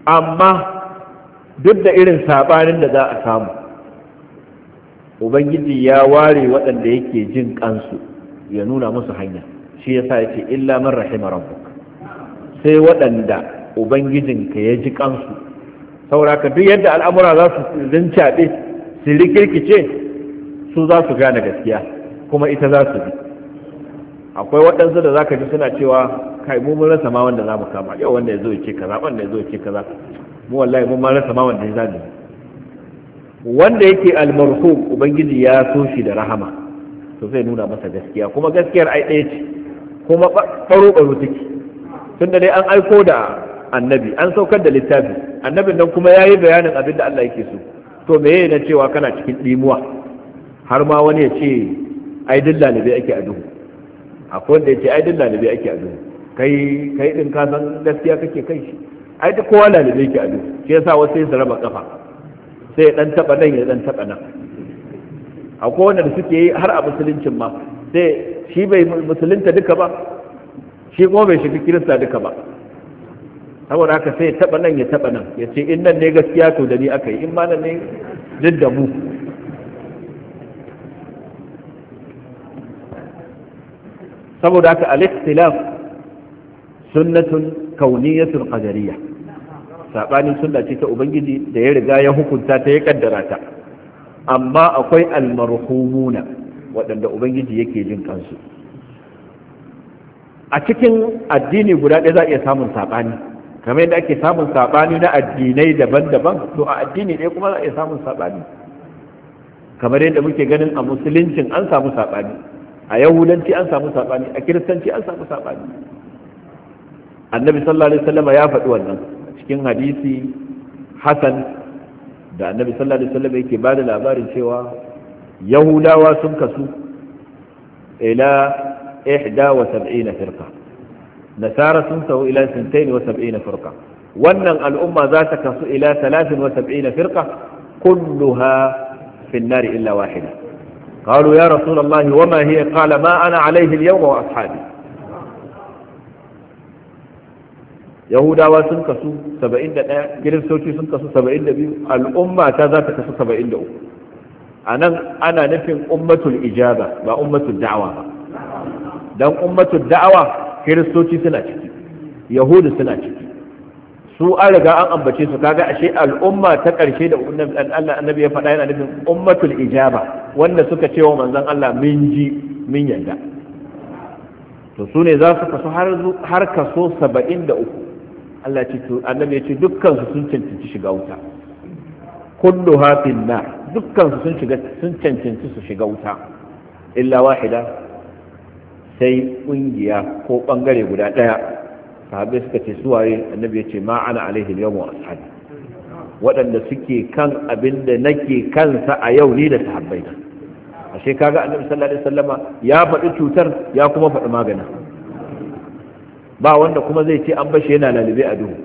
amma duk da irin sabanin da za a samu ubangiji ya ware waɗanda yake jin kansu ya nuna musu hanya shi ya ya ce illa man rahima rabbuk sai waɗanda ubangijinka ya ji kansu sauraka duk yadda al'amura za su rincaɓe su rikirkice su za su gane gaskiya kuma ita za su bi akwai waɗansu da zaka ji suna cewa kai mu mun rasa ma wanda za mu kama yau wanda ya zo ya ce kaza wanda ya zo ya ce kaza mu wallahi mun ma rasa ma wanda ya zabi wanda yake almarhu ubangiji ya so shi da rahama to zai nuna masa gaskiya kuma gaskiyar ai ɗaya ce kuma baro baro take da dai an aiko da annabi an saukar da littafi annabin nan kuma yayi bayanin abin da Allah yake so to meye na cewa kana cikin dimuwa har ma wani ya ce ai lalibai ake a duhu akwai wanda ya ce ai duk lalibai ake a duhu kai kai din ka san gaskiya kake kai shi ai duk kowa lalibai yake a duhu shi yasa wasu sai su raba kafa sai dan taba nan ya dan taba nan akwai wanda da suke yi har a musuluncin ma sai shi bai musulunta duka ba shi kuma bai shiga kirista duka ba saboda haka sai ya taba nan ya taba nan ya ce in nan ne gaskiya to da ni aka yi in ma nan ne duk da mu saboda haka al-ikhtilaf sunnatun kauniyatul qadariyya sabani sunna ce ta ubangiji da ya riga ya hukunta ta ya kaddara ta amma akwai almarhumuna waɗanda ubangiji yake jin kansu a cikin addini guda ɗaya za a iya samun saɓani kamar yadda ake samun saɓani na addinai daban-daban to a addini ɗaya kuma za a iya samun saɓani kamar yadda muke ganin a musuluncin an samu sabani a yahudanci an samu saɓani a kiristanci an samu saɓani annabi sallallahu alaihi wasallam ya faɗi wannan cikin hadisi hasan da annabi sallallahu alaihi wasallam yake bada labarin cewa yahudawa sun kasu ila 71 firqa nasara sun sau ila 72 firqa wannan al'umma za ta kasu ila 73 firqa kulluha fi an-nar illa wahida قالوا يا رسول الله وما هي قال ما أنا عليه اليوم وأصحابي يهودا واسن كسو سبعين دقاء كريستوتي سن كسو سبعين دقاء الأمة تذات كسو سبعين دقاء أنا أنا نفهم أمة الإجابة ما أمة الدعوة دم أمة الدعوة كريستوتي سنة يهود سنة su an riga an ambace su kaga ashe al'umma ta ƙarshe da annabi ya faɗa yana nufin ummatul ijaba wanda suka ce wa manzon Allah min ji min yarda to su ne za su kasu har kaso saba'in da uku Allah ce to annabi ya ce dukkansu sun cancanci shiga wuta kullu hafin na dukkansu sun shiga sun cancanci su shiga wuta illa wahida sai kungiya ko bangare guda daya sahabbai suka ce su waye annabi ya ce ma ana alaihi yawma ashabi waɗanda suke kan abin da nake kansa a yau ni da sahabbai ashe kaga annabi sallallahu alaihi wasallama ya faɗi cutar ya kuma faɗi magana ba wanda kuma zai ce an bashi yana lalube a duhu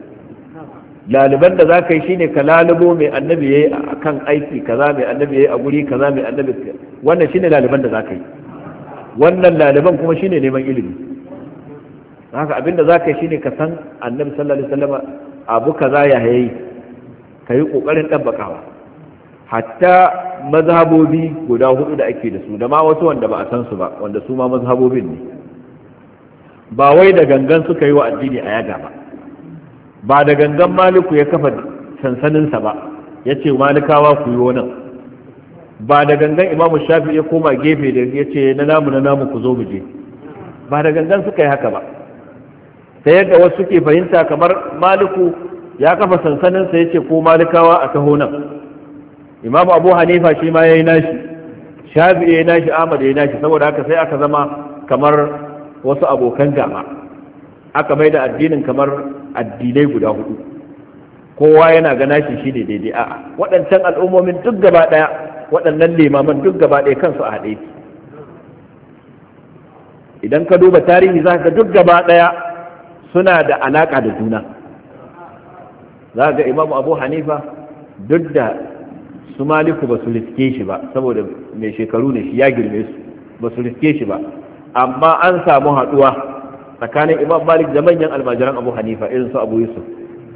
laliban da za ka yi shine ka lalubo mai annabi ya yi a kan aiki kaza mai annabi ya yi a guri kaza mai annabi wannan shine laliban da za ka yi wannan laliban kuma shine neman ilimi haka abin da za ka yi shine ka san annabi sallallahu alaihi wasallam abu kaza ya yi ka yi kokarin dabbakawa hatta mazhabobi guda hudu da ake da su da ma wasu wanda ba a san su ba wanda su ma mazhabobin ne ba wai da gangan suka yi wa addini a yaga ba ba da gangan maliku ya kafa sansaninsa ba ya ce malikawa ku yi wani ba da gangan imamu shafi ya koma gefe da ya ce na namu na namu ku zo mu je ba da gangan suka yi haka ba ta yadda wasu suke fahimta kamar maliku ya kafa sansaninsa ya ce ko malikawa a taho nan imam abu hanifa shi ma ya yi nashi shafi ya yi nashi ahmad ya yi nashi saboda haka sai aka zama kamar wasu abokan jama aka mai da addinin kamar addinai guda hudu kowa yana ga nashi shi ne daidai a'a waɗancan al'ummomin duk gaba ɗaya waɗannan limaman duk gaba ɗaya kansu a haɗe idan ka duba tarihi za ka duk gaba ɗaya suna da alaƙa da juna za ga imam abu hanifa duk da su maliku ba su riske shi ba saboda mai shekaru ne shi ya girme su ba su riske shi ba amma an samu haɗuwa tsakanin imam malik da manyan almajiran abu hanifa irin su abu yusuf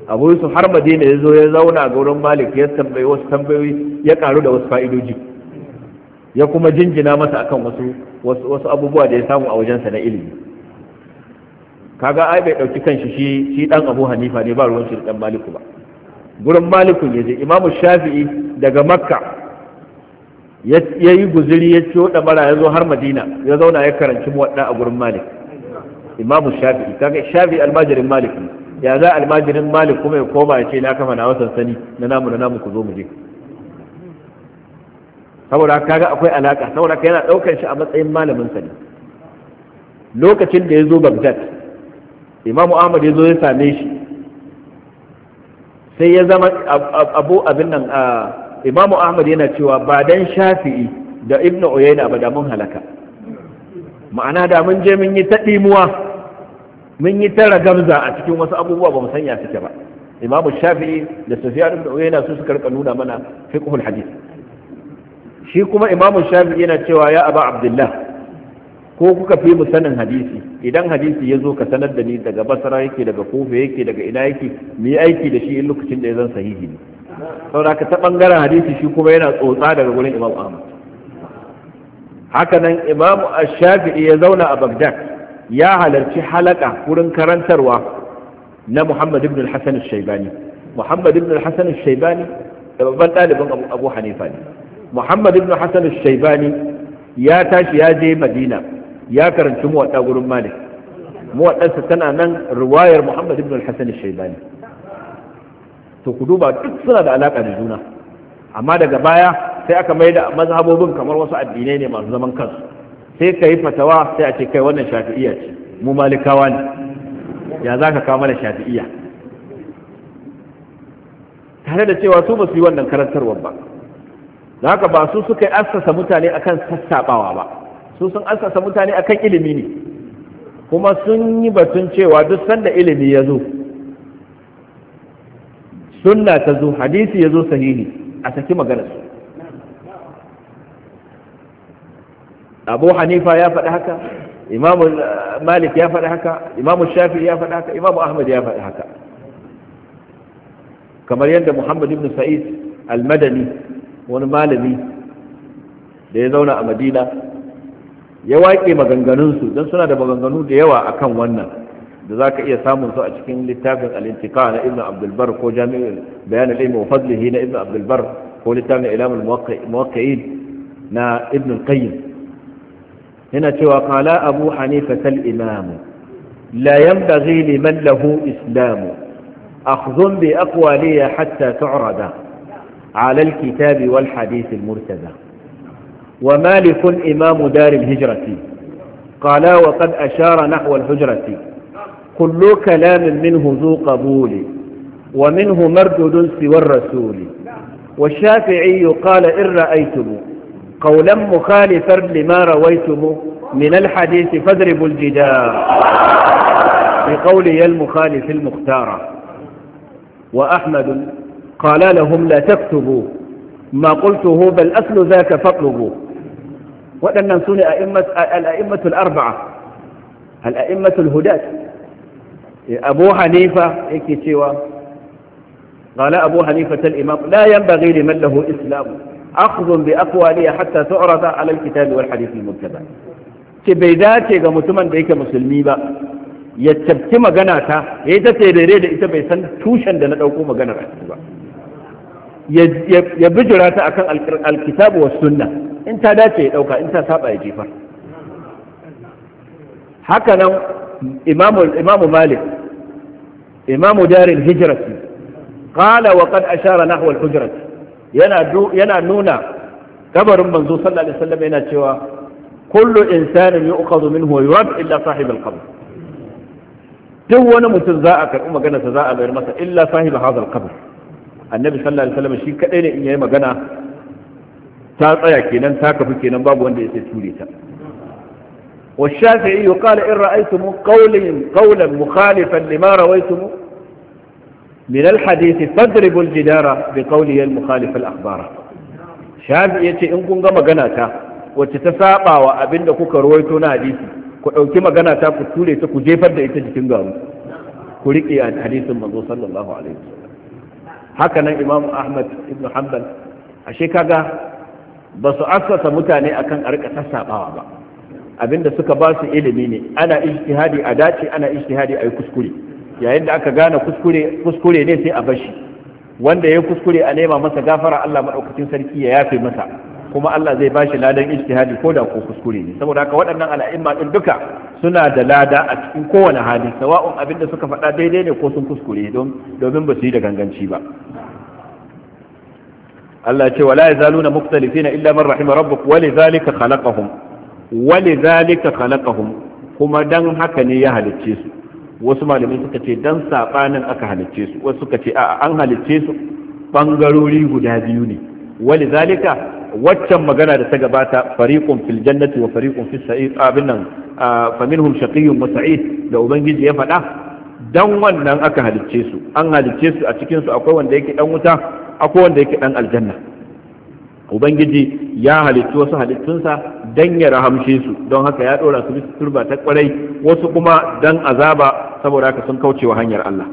abu yusuf har madina ya zo ya zauna a gaurin malik ya tambayi wasu tambayoyi ya karu da wasu fa'idoji ya kuma jinjina masa akan wasu wasu abubuwa da ya samu a wajensa na ilimi kaga ai bai dauki kanshi shi shi dan abu hanifa ne ba ruwan shi dan maliku ba gurin malikun ya je imamu shafi'i daga makka ya yi guziri ya ciwo da mara ya zo har madina ya zauna ya karanci waɗa a gurin malik imamu shafi'i kaga shafi'i almajirin malik ya za almajirin malik kuma ya koma ya ce na kafa na wasan sani na namu na namu ku zo mu je saboda kaga akwai alaka saboda yana daukar shi a matsayin malamin sani lokacin da ya zo bagdad imamu ahmad ya zo ya same shi sai ya zama abu abin nan imamu ahmad yana cewa ba dan shafi'i da ibnu uyayna ba da mun halaka ma'ana da mun je mun yi ta mun yi tara gamza a cikin wasu abubuwa ba mu sanya suke ba imamu shafi'i da sufyan ibn uyayna su suka rika nuna mana fiqhul hadith shi kuma imamu shafi'i yana cewa ya aba abdullah ko kuka fi mu sanin hadisi idan hadisi ya zo ka sanar da ni daga basara yake daga kofa yake daga ina yake mu yi aiki da shi in lokacin da ya zan sahihi ne saboda ka ta bangaren hadisi shi kuma yana tsotsa daga gurin imam ahmad haka nan imam shafi'i ya zauna a bagdad ya halarci halaka wurin karantarwa na muhammad ibn al-hasan al-shaybani muhammad ibn al-hasan al-shaybani da babban ɗaliban abu hanifa ne muhammad ibn al-hasan al-shaybani ya tashi ya je madina ya karanci muwadda gurin malik muwaddansa tana nan riwayar muhammad ibn al-hasan al-shaybani to ku duba duk suna da alaka da juna amma daga baya sai aka mai da mazhabobin kamar wasu addinai ne masu zaman kansu sai ka yi fatawa sai a ce kai wannan shafi'iyya ce mu malikawa ne ya za ka kawo mana shafi'iyya tare da cewa su ba su yi wannan karantarwar ba za ka ba su suka yi assasa mutane akan sassaɓawa ba su sun asasa mutane akan ilimi ne kuma sun yi batun cewa duk sanda ilimi ya zo sunna ta zo hadisi ya zo sahihi a saki maganar su abu hanifa ya faɗi haka imam malik ya faɗi haka imam shafi ya faɗi haka imam ahmad ya faɗi haka kamar yadda muhammad ibn sa'id al-madani wani malami da ya zauna a madina ya waƙe maganganunsu don suna da maganganu da yawa a kan wannan da za ka iya samun su a cikin littafin al'intika na ibn abdulbar ko jami'in bayan al'ilmi wa fadlihi na ibn abdulbar ko littafin ilamul muwakka'in na ibn qayyim yana cewa kala abu hanifa kal imamu la yamba zili man lahu islamu akhdhum bi aqwalihi hatta tu'rada ala al-kitabi wal hadith al-murtada ومالك إمام دار الهجرة قالا وقد أشار نحو الهجرة كل كلام منه ذو قبول ومنه مردد سوى الرسول والشافعي قال إن رأيتم قولا مخالفا لما رويتم من الحديث فاضربوا الجدار بقولي المخالف المختار وأحمد قال لهم لا تكتبوا ما قلته بل أسل ذاك فاطلبوا وأن ننسون الأئمة الأربعة الأئمة الهداة أبو حنيفة إكتوى قال أبو حنيفة الإمام لا ينبغي لمن له إسلام أخذ بأقوى حتى تعرض على الكتاب والحديث المنتبع كبيدات يقمتمن بيك مسلمي با يتبتم قناتا يتبتم قناتا يتبتم قناتا يتبتم قناتا يتبتم قناتا ya bijira ta akan alkitabu wa sunna in ta dace ya dauka in ta saba ya jefar haka nan imamu malik imamu darin hijrati qala wa qad ashara nahwa al-hujrat yana nuna kabarin manzo sallallahu alaihi wasallam yana cewa kullu insanin yu'khadhu minhu wa yurad illa sahib al-qabr duk wani mutum za a karɓi maganarsa za a bayar masa illa sahib hadha al-qabr annabi sallallahu alaihi wasallam shi kadai ne in yayi magana ta tsaya kenan ta kafi kenan babu wanda ya sai ture ta wa shafi'i yuqala in ra'aytum qawlan qawlan mukhalifan lima rawaytum min al-hadith fadribu al-jidara bi qawli al-mukhalif al-akhbar shafi'i yace in kun ga magana ta wacce ta saba wa abinda kuka rawaito na hadisi ku dauki magana ta ku ture ta ku jefar da ita jikin garu ku rike hadisin manzo sallallahu alaihi wasallam haka nan imam ahmad ibn hanbal ashe kaga ba su assasa mutane akan arka sassabawa ba abinda suka ba su ilimi ne ana ijtihadi a dace ana ijtihadi a yi kuskure yayin da aka gane kuskure kuskure ne sai a bashi wanda ya kuskure a nema masa gafara Allah madaukakin sarki ya yafe masa kuma Allah zai bashi ladan ijtihadi ko da ko kuskure ne saboda haka waɗannan al'imma din duka suna da lada a cikin kowane hali sawa'un abin da suka faɗa daidai ne ko sun kuskure domin ba su yi da ganganci ba Allah ce wala yazaluna mukhtalifina illa man rahima rabbuk wa lidhalika khalaqahum wa lidhalika khalaqahum kuma dan haka ne ya halicce su wasu malamai suka ce dan sabanin aka halicce su wasu suka ce a'a an halicce su bangarori guda biyu ne wali zalika waccan magana da ta gabata fariqun fil jannati wa fariqun fis sa'ir abin nan shaqiyyun wa sa'id da ubangiji ya faɗa dan wannan aka halicce su an halicce su a cikin su akwai wanda yake dan wuta akwai wanda yake dan aljanna ubangiji ya halicci wasu halittunsa dan ya rahamshe su don haka ya dora su bisa turba ta kwarai wasu kuma dan azaba saboda haka sun wa hanyar Allah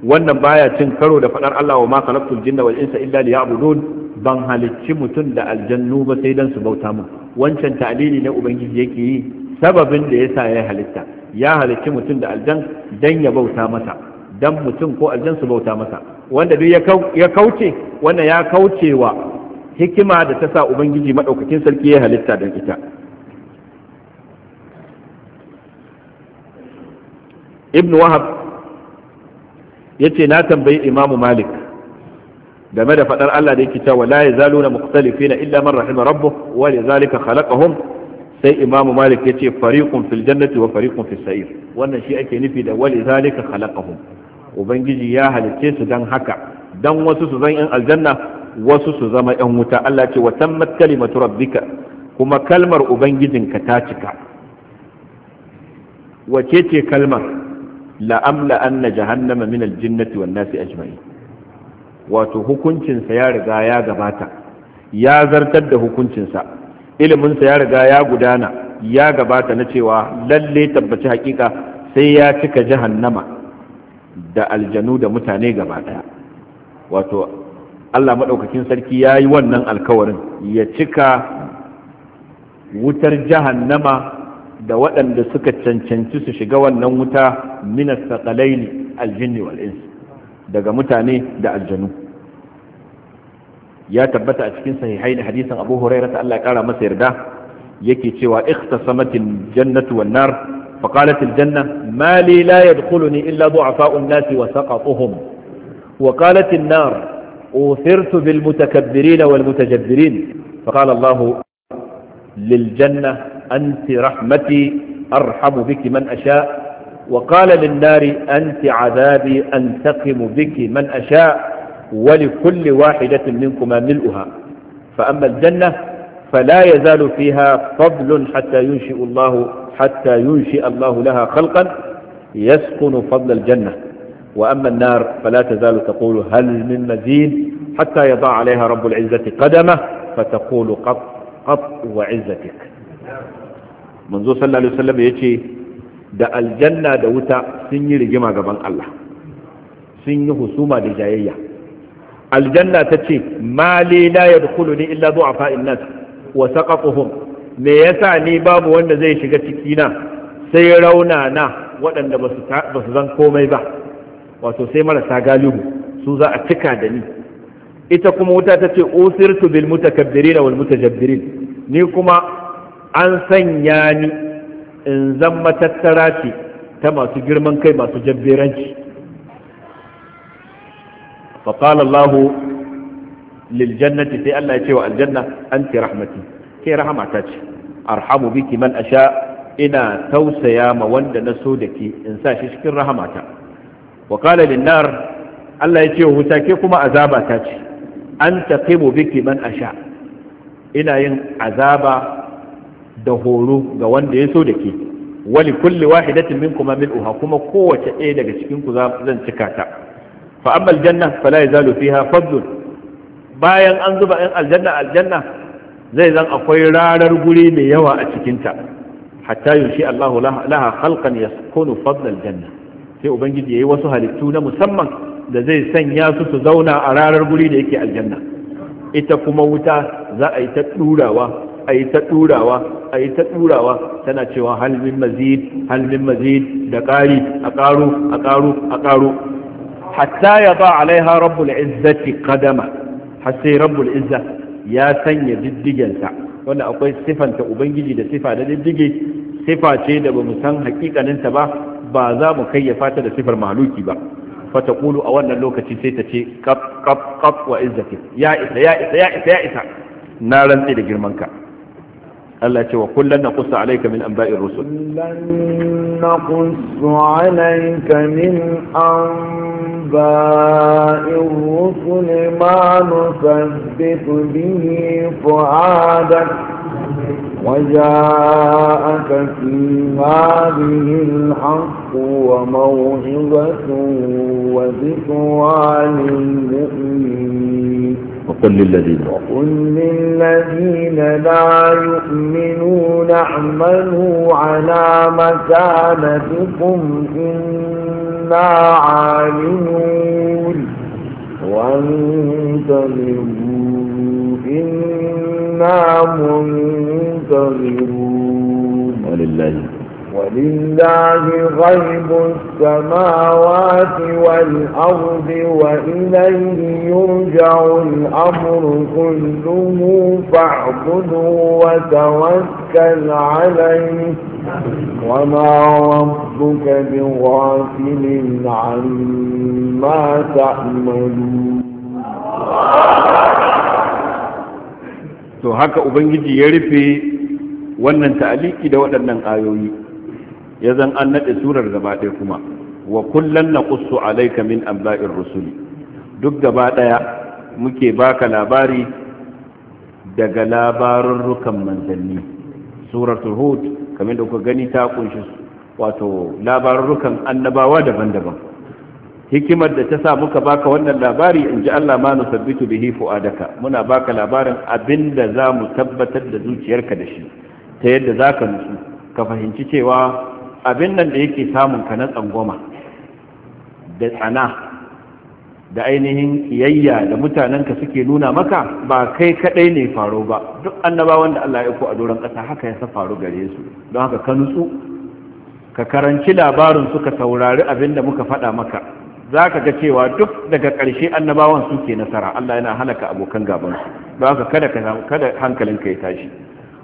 wannan baya cin karo da faɗar Allah wa ma khalaqtul jinna wal insa illa liya'budun ban halicci mutum da aljannu ba sai dan su bauta mu wancan ta'lili na ubangiji yake yi sababin da yasa ya halitta ya halicci mutum da aljan dan ya bauta masa dan mutum ko aljan su bauta masa wanda duk ya kauce wannan ya kaucewa hikima da ta sa ubangiji madaukakin sarki ya halitta dan ita ibn wahab yace na tambayi imamu malik game da faɗar Allah da yake cewa la yazaluna na illa man rahima rabbuh wa lidhalika khalaqahum sai imamu malik yace fariqun fil jannati wa fariqun fis sa'ir wannan shi ake nufi da wa lidhalika khalaqahum ubangiji ya halicce su dan haka dan wasu su zan yan aljanna wasu su zama yan wuta Allah ce wa tammat kalimatu rabbika kuma kalmar ubangijinka ta cika wace ce kalmar la'amla anna jahannama min aljinnati wan nasi ajma'in wato hukuncinsa ya riga ya gabata ya zartar da hukuncinsa iliminsa ya riga ya gudana ya gabata na cewa lalle tabbaci hakika sai ya cika jahannama da aljanu da mutane gabata wato Allah maɗaukakin sarki ya yi wannan alkawarin ya cika wutar nama da waɗanda suka cancanci su shiga wannan wuta minas saƙalaini aljinni wal'insu daga mutane da aljanu ya tabbata a cikin sahihai na hadisan abu hurairata Allah ya kara masa yarda yake cewa ikhtasamatil jannatu wan nar fa qalat al janna ma li la yadkhuluni illa du'afa'un nasi wa saqatuhum wa qalat an nar uthirtu bil mutakabbirin wal mutajabbirin fa qala Allah lil janna rahmati arhamu biki man asha' وقال للنار أنت عذابي أنتقم بك من أشاء ولكل واحدة منكما ملؤها فأما الجنة فلا يزال فيها فضل حتى ينشئ الله حتى ينشئ الله لها خلقا يسكن فضل الجنة وأما النار فلا تزال تقول هل من مزيد حتى يضع عليها رب العزة قدمه فتقول قط قط وعزتك منذ صلى الله عليه وسلم يجي da aljanna da wuta sun yi rigima gaban Allah sun yi husuma da jayayya aljanna ta ce mali la ni illa du'afa innas wa saqafuhum me yasa ni babu wanda zai shiga cikina na sai na waɗanda ba su zan komai ba wato sai marasa galihu su za a cika da ni ita kuma wuta ta ce usirtu bil mutakabbirin wal mutajabbirin ni kuma an sanya ni in zan matattara ce ta masu girman kai masu jabberanci faƙala Allah lil jannati sai Allah ya ce wa aljanna anti rahmati ke rahamata ce arhamu biki man asha ina tausaya ma wanda na so da ke in sa shi cikin rahamata wa qala lin Allah ya ce wa wuta ke kuma azaba ta ce an taqimu biki man asha ina yin azaba da horo ga wanda ya so da ke wali kulli wahidatin minkum uha kuma kowace ɗaya daga cikin ku zan cika ta fa amma aljanna la yazalu fiha fadlun bayan an zuba in aljanna aljanna zai zan akwai rarar guri mai yawa a cikinta hatta yushi Allah laha khalqan yaskunu fadlal janna sai ubangiji yayi wasu halittu na musamman da zai sanya su su zauna a rarar guri da yake aljanna ita kuma wuta za a yi ta ɗurawa a yi ta a yi ta tana cewa halmin mazid halmin mazid da ƙari a ƙaro a ƙaro a ƙaro hatta ya ba alaiha rabbul izzati qadama har sai rabbul izza ya sanya diddigensa wanda akwai sifanta ubangiji da sifa da diddige sifa ce da bamu san hakikaninta ba ba za mu kayyafa ta da sifar maluki ba فتقول أولا لوكا kap قط قط قط وإزتي ya isa ya isa ya isa na إسا da girman ka. التي وقل لن نقص عليك من أنباء الرسل لن نقص عليك من أنباء الرسل ما نثبت به فعادك وجاءك في هذه الحق وموهبة وذكرى للمؤمنين وقل للذين وقل للذين لا يؤمنون المؤمنون اعملوا على مكانتكم إنا عالمون وانتظروا إنا منتظرون ولله ولله غيب السماوات والأرض وإليه يرجع الأمر كله فاعبده وتوكل عليه وما ربك بغافل عما تعملون to haka ubangiji ya rufe wannan ta'aliki da waɗannan ayoyi ya zan an naɗe surar gaba ɗaya kuma wa kullum na ƙusu alaika min amba'in rusuli duk gaba ɗaya muke baka labari daga labarurrukan manzanni suratul hud kamar da kuka gani ta kunshi wato labarurrukan annabawa daban-daban hikimar da ta sa muka baka wannan labari in ji Allah ma nusabbitu bihi fu'adaka muna baka labarin abinda za mu tabbatar da zuciyarka da shi ta yadda za ka nutsu ka fahimci cewa abin nan da yake samun ka na tsangwama da tsana da ainihin kiyayya da mutanenka suke nuna maka ba kai kadai ne faro ba duk annabawan da Allah ya ko a doron ƙasa haka ya sa faru gare su don haka ka nutsu ka karanci labarin suka saurari abin da muka faɗa maka za ka ga cewa duk daga ƙarshe annabawan suke nasara Allah yana halaka abokan gabansu don haka kada hankalinka ya tashi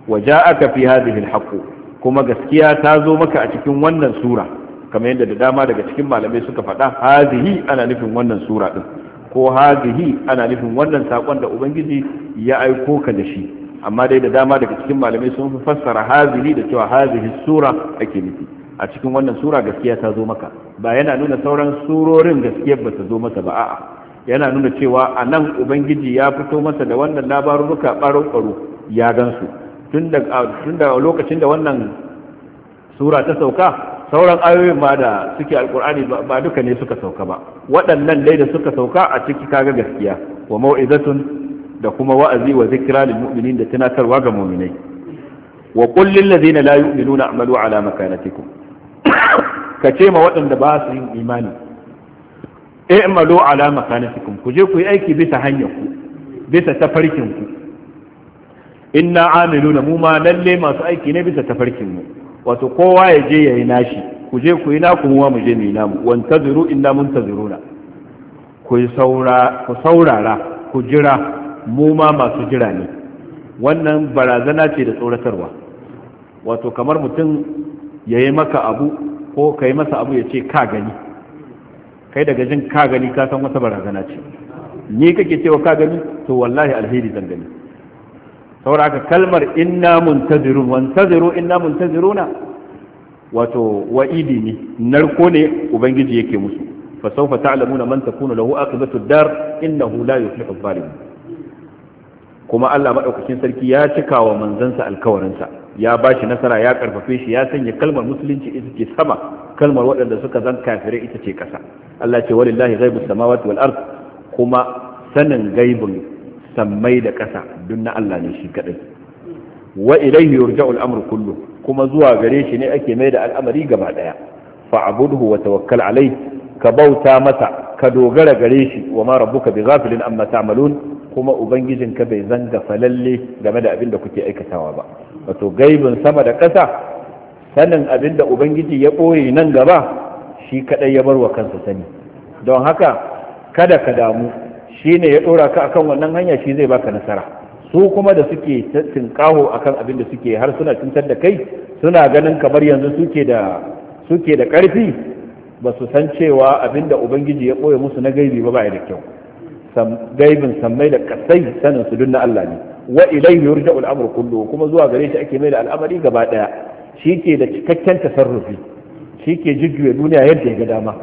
wa ja'aka fi hadhihi al kuma gaskiya ta zo maka a cikin wannan sura kamar yadda da dama daga cikin malamai suka faɗa hazihi ana nufin wannan sura ɗin, ko hazihi ana nufin wannan sakon da ubangiji ya aiko ka da shi amma dai da dama daga cikin malamai sun fi fassara hazihi da cewa hazihi sura ake nufi a cikin wannan sura gaskiya ta zo maka ba yana nuna sauran surorin gaskiyar ba ta zo masa ba a'a yana nuna cewa a nan ubangiji ya fito masa da wannan labaruka ɓaro-ɓaro ya gansu tun da lokacin da wannan sura ta sauka sauran ayoyin ma da suke alkur'ani ba duka ne suka sauka ba waɗannan dai da suka sauka a ciki kaga gaskiya wa mau'izatun da kuma wa'azi wa zikra lil mu'minin da tunatarwa ga mu'minai wa qul lil ladzina la yu'minuna a'malu ala makanatikum ce ma waɗanda ba su yin imani i'malu ala makanatikum ku je ku yi aiki bisa hanyar ku bisa tafarkin ku inna amiluna mu ma lalle masu aiki ne bisa tafarkin mu wato kowa ya je yayi nashi ku je ku yi naku mu mu je mu yi namu wantaziru inna muntaziruna ku saura ku saurara ku jira mu ma masu jira ne wannan barazana ce da tsoratarwa wato kamar mutum ya yi maka abu ko ka yi masa abu ya ce ka gani kai daga jin ka gani ka san wata barazana ce ni kake cewa ka gani to wallahi alheri zan gani sauraka kalmar inna muntazirun wantaziru inna muntaziruna wato wa'idi ne narko ne ubangiji yake musu fa sawfa ta'lamuna man takunu lahu aqibatu dar innahu la yuflihu zalimun kuma Allah madaukakin sarki ya cika wa manzansa alkawarinsa ya bashi nasara ya karfafe shi ya sanya kalmar musulunci ita ce sama kalmar waɗanda suka zan kafire ita ce ƙasa Allah ce walillahi ghaibus samawati wal ard kuma sanin gaibin sammai da ƙasa duk na Allah ne shi kadai wa ilayhi yurja'u al kullu kuma zuwa gare shi ne ake mai da al'amari gaba daya fa'budhu wa tawakkal alai ka bauta masa ka dogara gare shi wa ma rabbuka bi ghafilin amma ta'malun kuma ka bai zanga falalle game da abin da kuke aikatawa ba wato gaibin sama da ƙasa sanin abin da ubangiji ya ɓoye nan gaba shi kaɗai ya bar wa kansa sani don haka kada ka damu shi ne ya ɗora ka akan wannan hanya shi zai baka nasara su kuma da suke tinkaho akan abin da suke har suna cutar da kai suna ganin kamar yanzu suke da suke da karfi ba su san cewa abin da ubangiji ya koya musu na gaibi ba ya da kyau gaibin sammai da kasai sanin su na Allah ne wa da yurja'u al'amru kullu kuma zuwa gare shi ake mai da al'amari gaba daya shike da cikakken tasarrufi shike jujjuya duniya yadda ya ga dama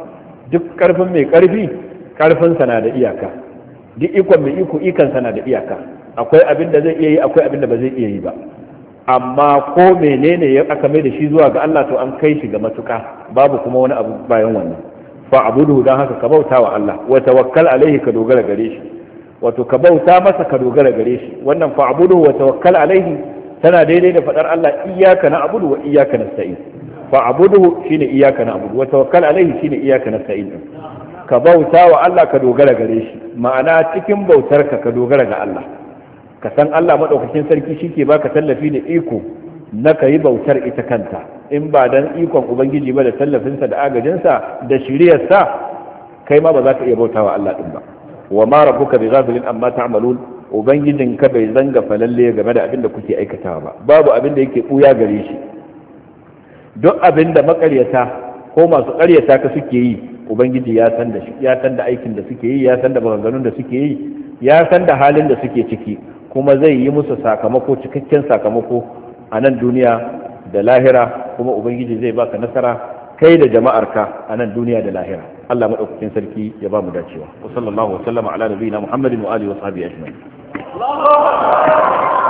duk karfin mai karfi karfin sa na da iyaka duk ikon mai iko ikansa na da iyaka akwai abin da zai iya yi akwai abin da ba zai iya yi ba amma ko menene ya aka mai da shi zuwa ga Allah to an kai shi ga matuka babu kuma wani abu bayan wannan fa abudu dan haka ka bauta wa Allah wa tawakkal alaihi ka dogara gare shi wato ka bauta masa ka dogara gare shi wannan fa abudu wa tawakkal alaihi tana daidai da fadar Allah iyyaka na'budu wa iyyaka nasta'in fa abudu shine iyyaka na'budu wa tawakkal alaihi shine iyyaka nasta'in ka bauta wa Allah ka dogara gare shi ma'ana cikin bautarka ka dogara ga Allah ka san Allah maɗaukakin sarki shi ke baka tallafi da iko na ka yi bautar ita kanta in ba dan ikon ubangiji ba da tallafinsa da agajinsa da shiriyarsa kai ma ba za ka iya bauta wa Allah din ba wa ma rabbuka bi ghafilin amma ta'malun ubangijin ka bai zanga falalle game da abin da kuke aikatawa ba babu abin da yake buya gare shi duk abin da makaryata ko masu ƙaryata ka suke yi ubangiji ya san da shi ya san da aikin da suke yi ya san da maganganun da suke yi ya san da halin da suke ciki kuma zai yi musu sakamako cikakken sakamako a nan duniya da lahira kuma ubangiji zai baka nasara kai da jama'arka a nan duniya da lahira Allah madaukakin sarki ya ba mu dacewa wa sallallahu wa sallama ala nabiyina muhammadin wa alihi wa sahbihi ajma'in